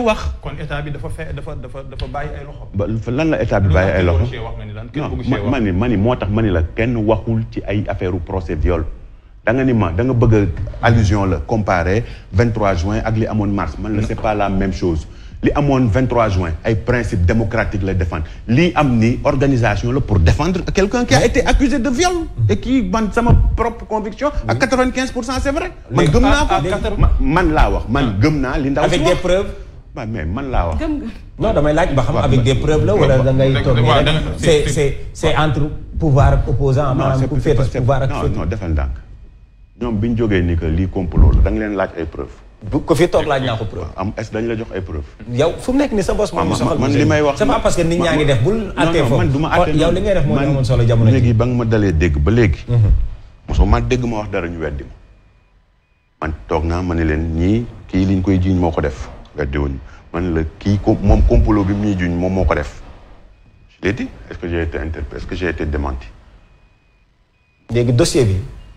wax. kon état bi dafa dafa dafa dafa ay loxo. lan la procès viol da nga ni ma allusion comparer 23 juin ak li de mars man ne c'est pas la même chose li amone 23 juin ay principe démocratique les défendre Li am ni organisation le pour défendre quelqu'un qui a été accusé de viol et qui bande sa propre conviction à 95 c'est vrai man gëm man la wax man ah. gëm naa li ndaw avec des preuves bah mais man la wax non damay laaj ba xam avec des preuves là wala da ngay toog c'est c'est c'est entre pouvoir opposant maanaam pouvoir non non defal ndànk ñoom bi ñu ni que li complot la dang leen laaj ay preuves du ko fi toog laa naa ko am est dañ la jox ay preuve. yow fu mu nekk nii sa bos moom man li may wax c'est pas parce que nit ñaa ngi def bul. àttee foofu yow li ngay def moo amoon solo jamono ji léegi ba nga ma dalee dégg ba léegi. Mhm. mosoo man dégg ma wax dara ñu weddi ma. man toog naa ma ne leen ñii kii liñ koy jiiñ moo ko def weddi wuñu ma ne la kii moom complot bi mu ñuy moom moo ko def. je l'ai dit est-ce léegi dossier bi.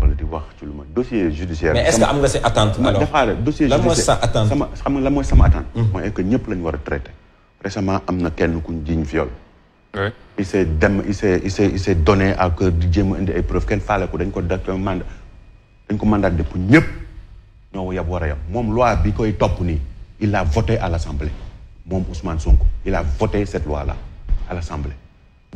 wala di wax ci lu dossier judiciaire. mais est-ce que am nga si attente alors dafaale dossier judiciaire sama xam nga sama attente. que lañ récemment am kenn ku ñu viol. il s'est dem il s'est il s'est il s'est donné à cœur di jéem indi ay preuves kenn faale ko dañ ko dakk mandat dañ ko mandat de pour ñëpp ñoo yab a yab loi bi koy il a voté à l'Assemblée moom Ousmane Sonko il a voté cette loi là à l'Assemblée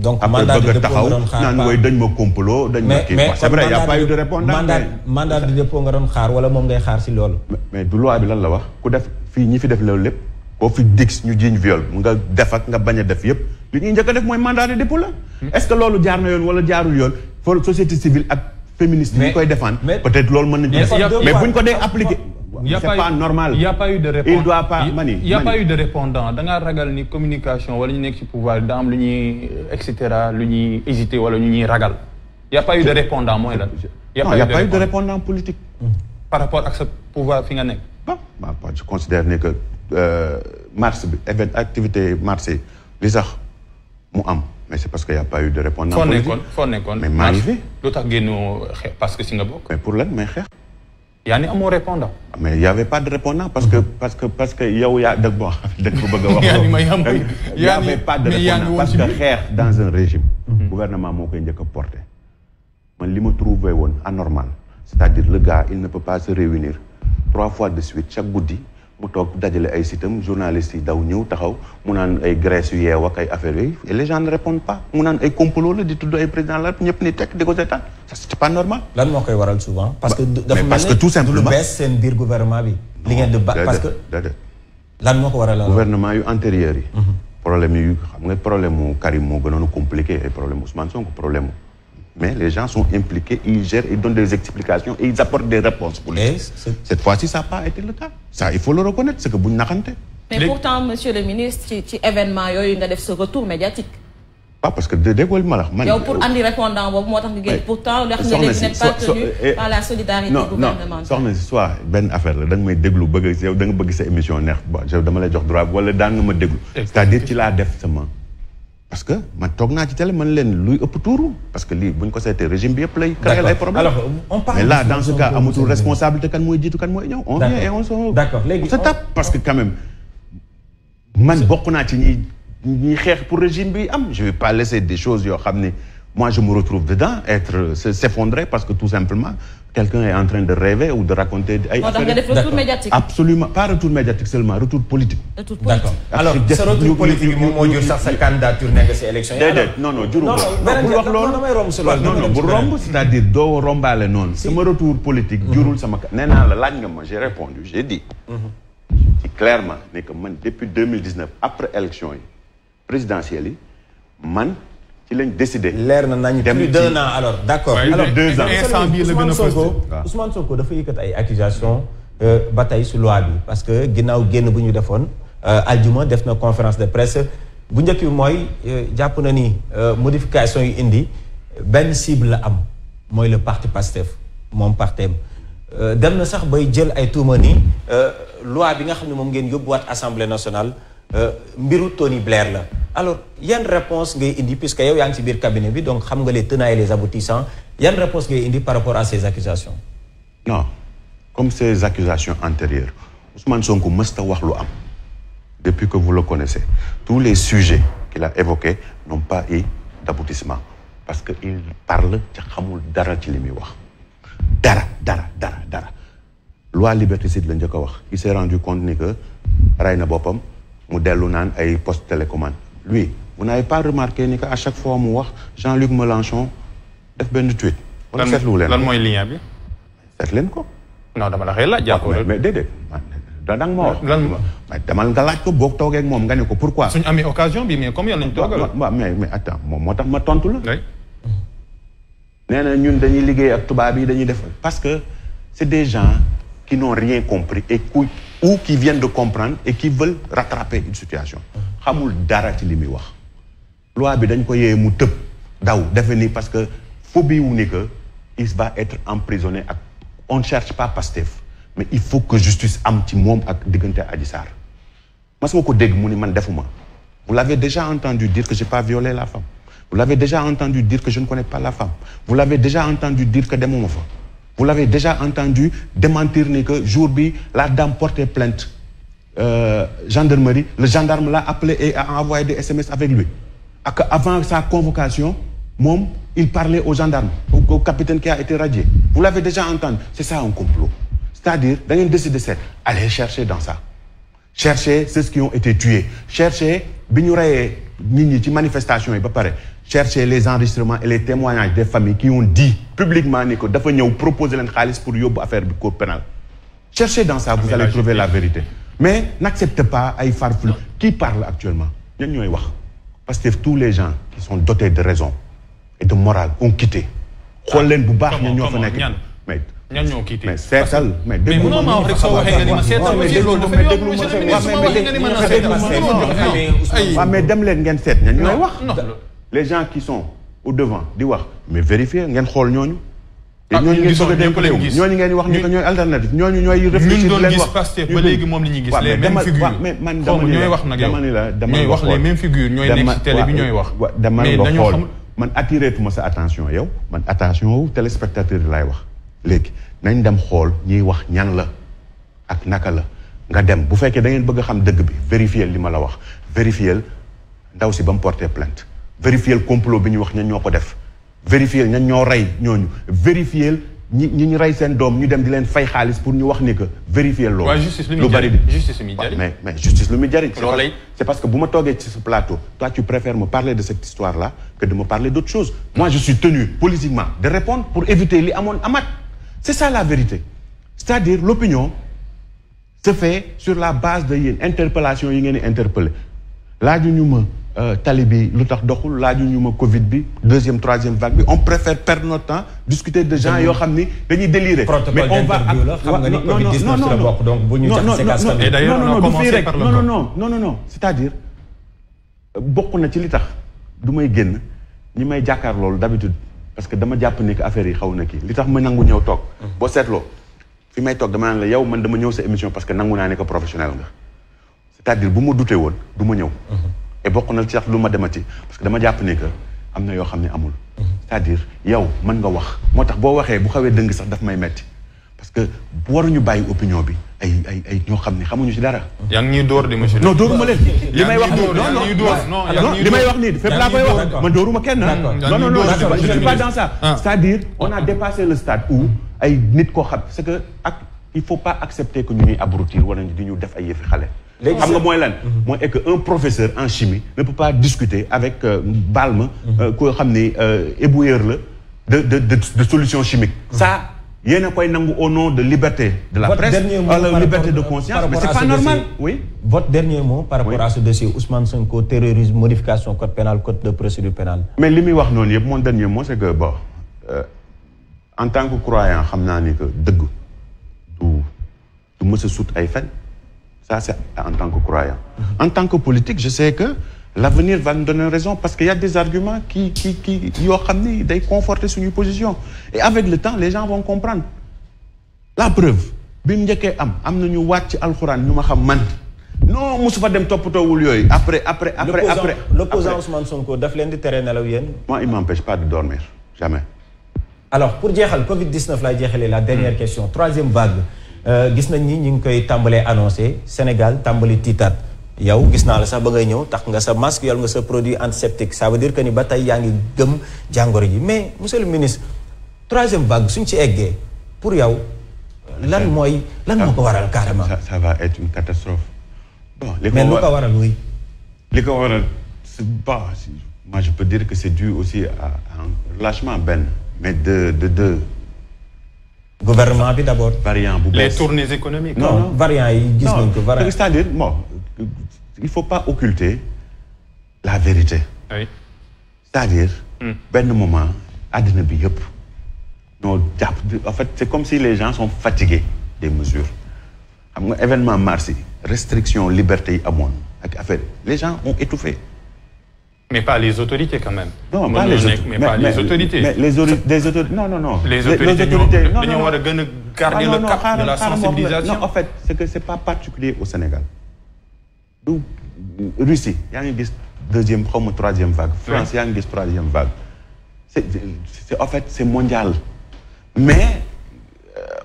donc mandat de dépôt nga doon xaar naan mooy dañ ma complot dañ ma kii c'est vrai y a pas eu de répondant mandat mandat de dépôt nga doon xaar wala moom ngay xaar si loolu mais du loi bi lan la wax ku def fii ñi fi def loolu lépp boo fi dix ñu jiiñ viol nga def ak nga bañ a def yépp li ñuy njëkk a def mooy mandat de dépôt la hmm. est-ce que loolu jaar na yoon wala jaarul yoon for société civile ak féministe ñu koy défendre peut-être loolu mën nañ mais buñ ko dee appliquer c'est pas normal. Il y a pas eu de répondant. Il doit pas Il y a pas eu de répondant dans la ragal ni communication wala ni nekk ci pouvoir da am lu etc lu hésiter wala ni ragal. Il y a pas eu de répondant bah, moi Il euh, y a pas eu de répondant non il y a pas eu de répondant politique. par rapport à ce pouvoir fi nga bon bon je considère ne que mars bi activité mars yi li sax mu am. mais c'est parce qu'il n'y a pas eu de répondant politique. foo nekkoon mais maa ngi fi. parce que si nga mais pour lan mais xeex. Il n'y répondant. mais y' avait pas de répondant parce que mhm. parce que parce que yow bois, wax. y' avait pas de répondant parce que xex dans un régime. Mhm. gouvernement moo koy njëkk porté. man lima trouvé anormal cest à dire le gars il ne peut pas se réunir trois fois de suite chaque guddi mu toog dajale ay sitam journalistes yi daw ñëw taxaw mu naan ay graisse yu yeew ak ay affaires yooyu et les gens ne répondent pas mu naan ay complot la di tudd ay président la ñëpp ni teg di ko seetaan ça c'est pas normal. lan moo koy waral souvent. parce que dafa parce que tout simplement lu bees seen biir gouvernement bi. li ngeen di ba parce que lan moo ko waral gouvernement yu antérieur yi. Mhm. problème yu xam nga problème mu Karim moo gënoon compliqué ay problème Ousmane Sonko problème mais les gens sont impliqués, ils gèrent, ils donnent des explications et ils apportent des réponses politiques. Cette fois-ci, ça n'a pas été le cas. Ça, il faut le reconnaître, c'est que vous n'avez Mais pourtant, monsieur le ministre, ci événement y nga def ce retour médiatique. Pas parce que de déggoo ma man yow pour andi répondant pourtant, moo tax n'est pas pourtant. pas tenu eh, par la solidarité gouvernementale. Non, non, non, Ben affaire la da nga may déglu bëgg yow da nga émission neex ba dama lay jox droit wala daan ma déglu. c'est-à-dire ci l'as def sama parce que man toog naa ci télé man len luy ëpp tuuru parce que li buñ ko sété régime bi yëpp lay créer ay problème alors on parle mais là dans ce cas amoutou responsabilité kan moy jiitu kan moy ñëw on vient et on se d'accord léegi ça tape parce que quand même man bokk naa ci ñi ñi xeex pour régime bi am je vais pas laisser des choses yo xamné moi, je me retrouve dedans, être s'effondrer parce que tout simplement, quelqu'un est en train de rêver ou de raconter. a des retours médiatiques. Absolument, pas retour médiatique seulement, retour politique. Retour politique. Alors, ce retour politique, c'est moo jur sa candidature nekk si élection non non juru. non non bul non, Non, romb non non c'est-à-dire doo non. c'est sama retour politique mhm. jurul sama. nee la j'ai répondu j'ai dit. Mhm. clairement depuis 2019, après élection présidentielle man. Il lañ décidé. L'air na plus d'un an alors d'accord alors deux ans Ousmane Sonko ah. Ousmane Sonko de yëkkat ay accusations euh, ba Bataille su loi bi parce que ginnaaw génn bu ñu defoon euh, aljuma def na conférence de presse bu njëkk moi, mooy euh, ni modification indi ben cible la am Moi le parti Pastef mon partem dans le sax bay jël ay tuuma ni loi bi nga xam ne moom ngeen assemblée nationale. Euh, mbiru Tony Blair là. alors une réponse ngay indi puisque yow a ngi ci cabinet donc xam nga les tenants et les aboutissants une réponse ngay indi par rapport à ces accusations non comme ces accusations antérieures Ousmane Sonko mësta wax lu am depuis que vous le connaissez tous les sujets qu'il a évoqués n'ont pas eu d'aboutissement parce qu'il il parle de xamul dara ci li dara dara dara dara loi liberticide la de a il s'est rendu compte que Rayna Bopam mu dellu naan ay poste télécommande lui vous n'avez pas remarqué ni qu'à à chaque fois mu wax Jean-Luc Mélenchon def benn tweet. wala seetlu leen lan moy lien bi. Fait l'en ko. non dama la xëy laaj mais déedéet. da mo. ma Mais damal nga laaj ko bok toogee ak mom gané ko pourquoi. Suñ amee occasion bi mais comme yow nañu toogal. waaw mais mais attends moom moo ma tontu la. Néna ñun dañuy liggéey ak tuba bi dañuy def parce que c'est des gens qui n'ont rien compris et ou qui viennent de comprendre et qui veulent rattraper une situation Khamoul dara ci wax loi bi dañ ko yee mu tëb daw parce que phobie ou ni que il va être emprisonné on ne cherche pas Pastef mais il faut que justice am ci mom ak diggante Adji Sarr masuma ko dégg mu ni man defuma vous l'avez déjà entendu dire que j'ai pas violé la femme vous l'avez déjà entendu dire que je ne connais pas la femme vous l'avez déjà entendu dire que des fa vous l'avez déjà entendu démentir que jour la dame portait plainte. Euh, gendarmerie, le gendarme l'a appelé et a envoyé des SMS avec lui. Avant sa convocation, il parlait au gendarme, au, capitaine qui a été radié. Vous l'avez déjà entendu, c'est ça un complot. C'est-à-dire, dans une décide de allez chercher dans ça. Cherchez ceux qui ont été tués. Cherchez, mini manifestation, il peut paraître. Cherchez les enregistrements et les témoignages des familles qui ont dit publiquement que nous avons proposé des choses pour faire des choses pénales. Cherchez dans ça, vous allez trouver la vérité. Mais n'acceptez pas à faire flou. Qui parle actuellement Parce que tous les gens qui sont dotés de raison et de morale ont quitté. Ils ont quitté. Mais c'est ça. Mais c'est Mais c'est ça. Mais c'est ça. Mais c'est ça. Mais c'est ça. Mais c'est ça. Mais c'est ça. Mais c'est ça. Mais c'est ça. Mais c'est ça. Mais c'est ça. Mais c'est ça. Mais c'est ça. Mais c'est ça. Mais c'est Mais c'est ça. Mais c'est ça. Mais c'est ça. Mais c'est ça. Mais les gens qui sont au devant di wax mais vérifier ngeen xol ñooñu. Ah, ñooñu ngeen sont nous ñooñu ngeen wax ñu ko ñoy alternative ñooñu wax les mêmes figures les mêmes figures télé bi wax. attention yow man attention wu téléspectateur wax. nañ dem wax la ak naka la nga dem bu da bëgg vérifier vérifier ndaw plainte vérifier le complot que wax ñan def vérifier ñan ñoo ray ñooñu vérifier ñi ñi ñu seen doom ñu dem di leen fay xaalis pour ñu wax que vérifier l'eau. lu bari justice le média. mais mais justice lu c'est parce que si je suis ci ce plateau toi tu préfères me parler de cette histoire là que de me parler d'autre chose. moi je suis tenu politiquement de répondre pour éviter les amone amat c'est ça la vérité c'est-à-dire l'opinion se fait sur la base de interpellation yi ngeen interpeller laaju euh, tali bi la deuxième troisième vague on préfère perdre notre temps discuter de gens qui délirer. mais on va donc vous et d'ailleurs on non non non non non c'est-à-dire beaucoup na ci may d'habitude parce que dama japp nek affaire yi xawna ki ma nangou ñew tok mhm. bo setlo fi may dama parce que professionnel c'est-à-dire bu et bokk na ci tax lu demati parce que dama japp ne que amna yo yoo amul. c'est-à-dire yow man nga wax. motax bo waxé bu xawé dëng sax daf may metti parce que waruñu bayyi opinion bi ay ay ay ñoo xam xamuñu ci dara. yang ñi door di monsieur. non dooruma leen. limay may wax nii non non li may wax ni fepp la koy wax man dooruma kenn. non non non je suis pas dans ça. Ah. c'est-à-dire on a dépassé le stade où ay nit ko xam parce que ak il faut pas accepter que ñu ñuy abrutir wala di ñu def ay yëfi xale xam mhm. que un professeur en chimie ne peut pas discuter avec Balme euh, balme mhm. euh, koo xam ni euh, de de de de solution chimique. Mhm. ça yéen a au nom de liberté. de la presse la liberté de conscience mais c'est pas normal oui. votre dernier mot par rapport à ce dossier Ousmane Sonko terrorisme modification code pénal code de procédure pénale. mais li muy wax noonu mon dernier mot c'est que en tant que croyant je naa ni que dëgg du du mës a ça, c'est en tant que croyant. En tant que politique, je sais que l'avenir va nous donner raison parce qu'il y a des arguments qui, qui, qui, qui ont conforté sur une position. Et avec le temps, les gens vont comprendre. La preuve, bim ñëkke am am nañu à alxuraan nous ma xam man non mosu fa dem toppatoowul lieu après après après après l'opposant Ousmane Sonko daf de di à la yéen moi il m'empêche pas de dormir jamais alors pour le Covid 19 la dernière hmm. question troisième vague Eh, gis nañ ni ñu ngi koy tambalé annoncé Sénégal tambali titat yow gis na la sax ba ngay ñew tax nga sa masque yal nga sa produit antiseptique ça veut dire que ni ba tey ngi gëm jangoro yi mais monsieur le ministre troisième vague suñ ci eggee pour yow lan moy lan moko waral carrément ça va être une catastrophe bon li mais moko waral oui li ko waral pas moi je peux dire que c'est dû aussi à un relâchement ben mais de de deux gouvernement bi d'abord les tournées économiques. non non variant yi gis nañ ko. variant à dire bon il faut pas occulter la vérité. oui C'est à dire. Hmm. ben moment adina bi yep Non, en fait c'est comme si les gens sont fatigués des mesures xam nga événement mars restrictions, restriction liberté à mon. ak affaire les gens ont étouffé. Mais pas les autorités quand même. Non, pas les autorités. Mais, pas les autorités. les autorités. Non, non, non. Les autorités. Les autorités. Non, non, non. le Non, en fait, c'est que ce n'est pas particulier au Sénégal. Russie, il y a une deuxième, comme troisième vague. France, il y a une troisième vague. En fait, c'est mondial. Mais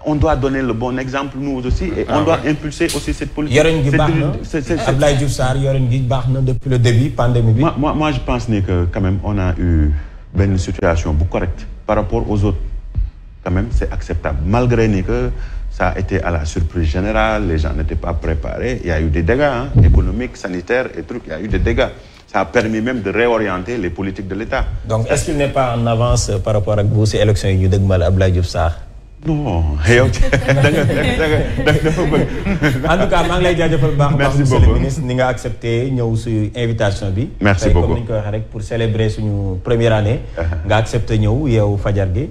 on doit donner le bon exemple nous aussi et on ah doit impulser aussi cette politique. yorin y non depuis le début pandémie moi moi je pense que quand même on a eu une situation beaucoup correcte par rapport aux autres quand même c'est acceptable malgré que ça a été à la surprise générale les gens n'étaient pas préparés il y a eu des dégâts hein, économiques sanitaires et trucs il y a eu des dégâts. ça a permis même de réorienter les politiques de l'État. Donc, est-ce qu'il n'est pas en avance par rapport à vous, ces élections, Abdoulaye Sarr non yow da nga da nga dafa bëgg. en tout cas maa ngi lay jaajëfal bu baax. merci beaucoup monsieur le ministre ni nga accepté ñëw suñu invitation bi. merci beaucoup tey comme ni ñu ko waxee rek pour célébrer suñu première année. Uh-huh. nga accepté ñëw yow fajar gi.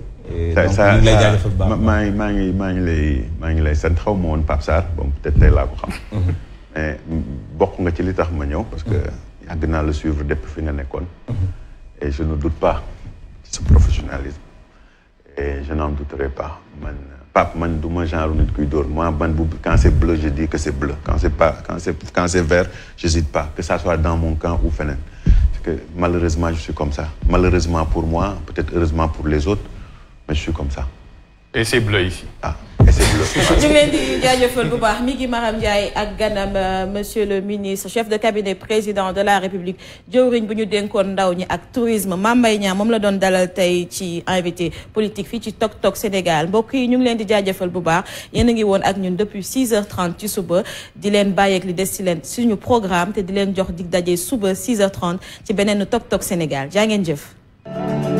sa sa donc ñu ngi lay jaajëfal bu baax maa ngi maa ngi maa ngi lay maa ngi lay sant xaw ma woon Pape Sarr bon peut-être tey laa ko xam. Mm-hmm. mais bokk nga ci li tax ma ñëw parce que mm-hmm. yàgg naa le suivre depuis fi nga nekkoon. Mm-hmm. et je ne doute pas ce professionnalisme. et je n'en douterai pas man du moi quand c'est bleu je dis que c'est bleu quand c'est pas quand c'est quand c'est vert j'hésite pas que ça soit dans mon camp ou fenêtre parce que malheureusement je suis comme ça malheureusement pour moi peut-être heureusement pour les autres mais je suis comme ça et c'est bleu ici. ah et bleu. Euh, monsieur le ministre chef de cabinet président de la république jëwriñ bu ñu dénkoon ak tourisme Mambaynia, Mbaye Niang la dalal ci invité politique fii ci Tok Tok Sénégal mbokk yi ñu ngi leen di jaajëfal bu baax yéen depuis 6h30 ci suba di leen le li des programme Dylan di leen jox dig 6h30 ci Benen Tok Tok Sénégal jaa ngeen jëf.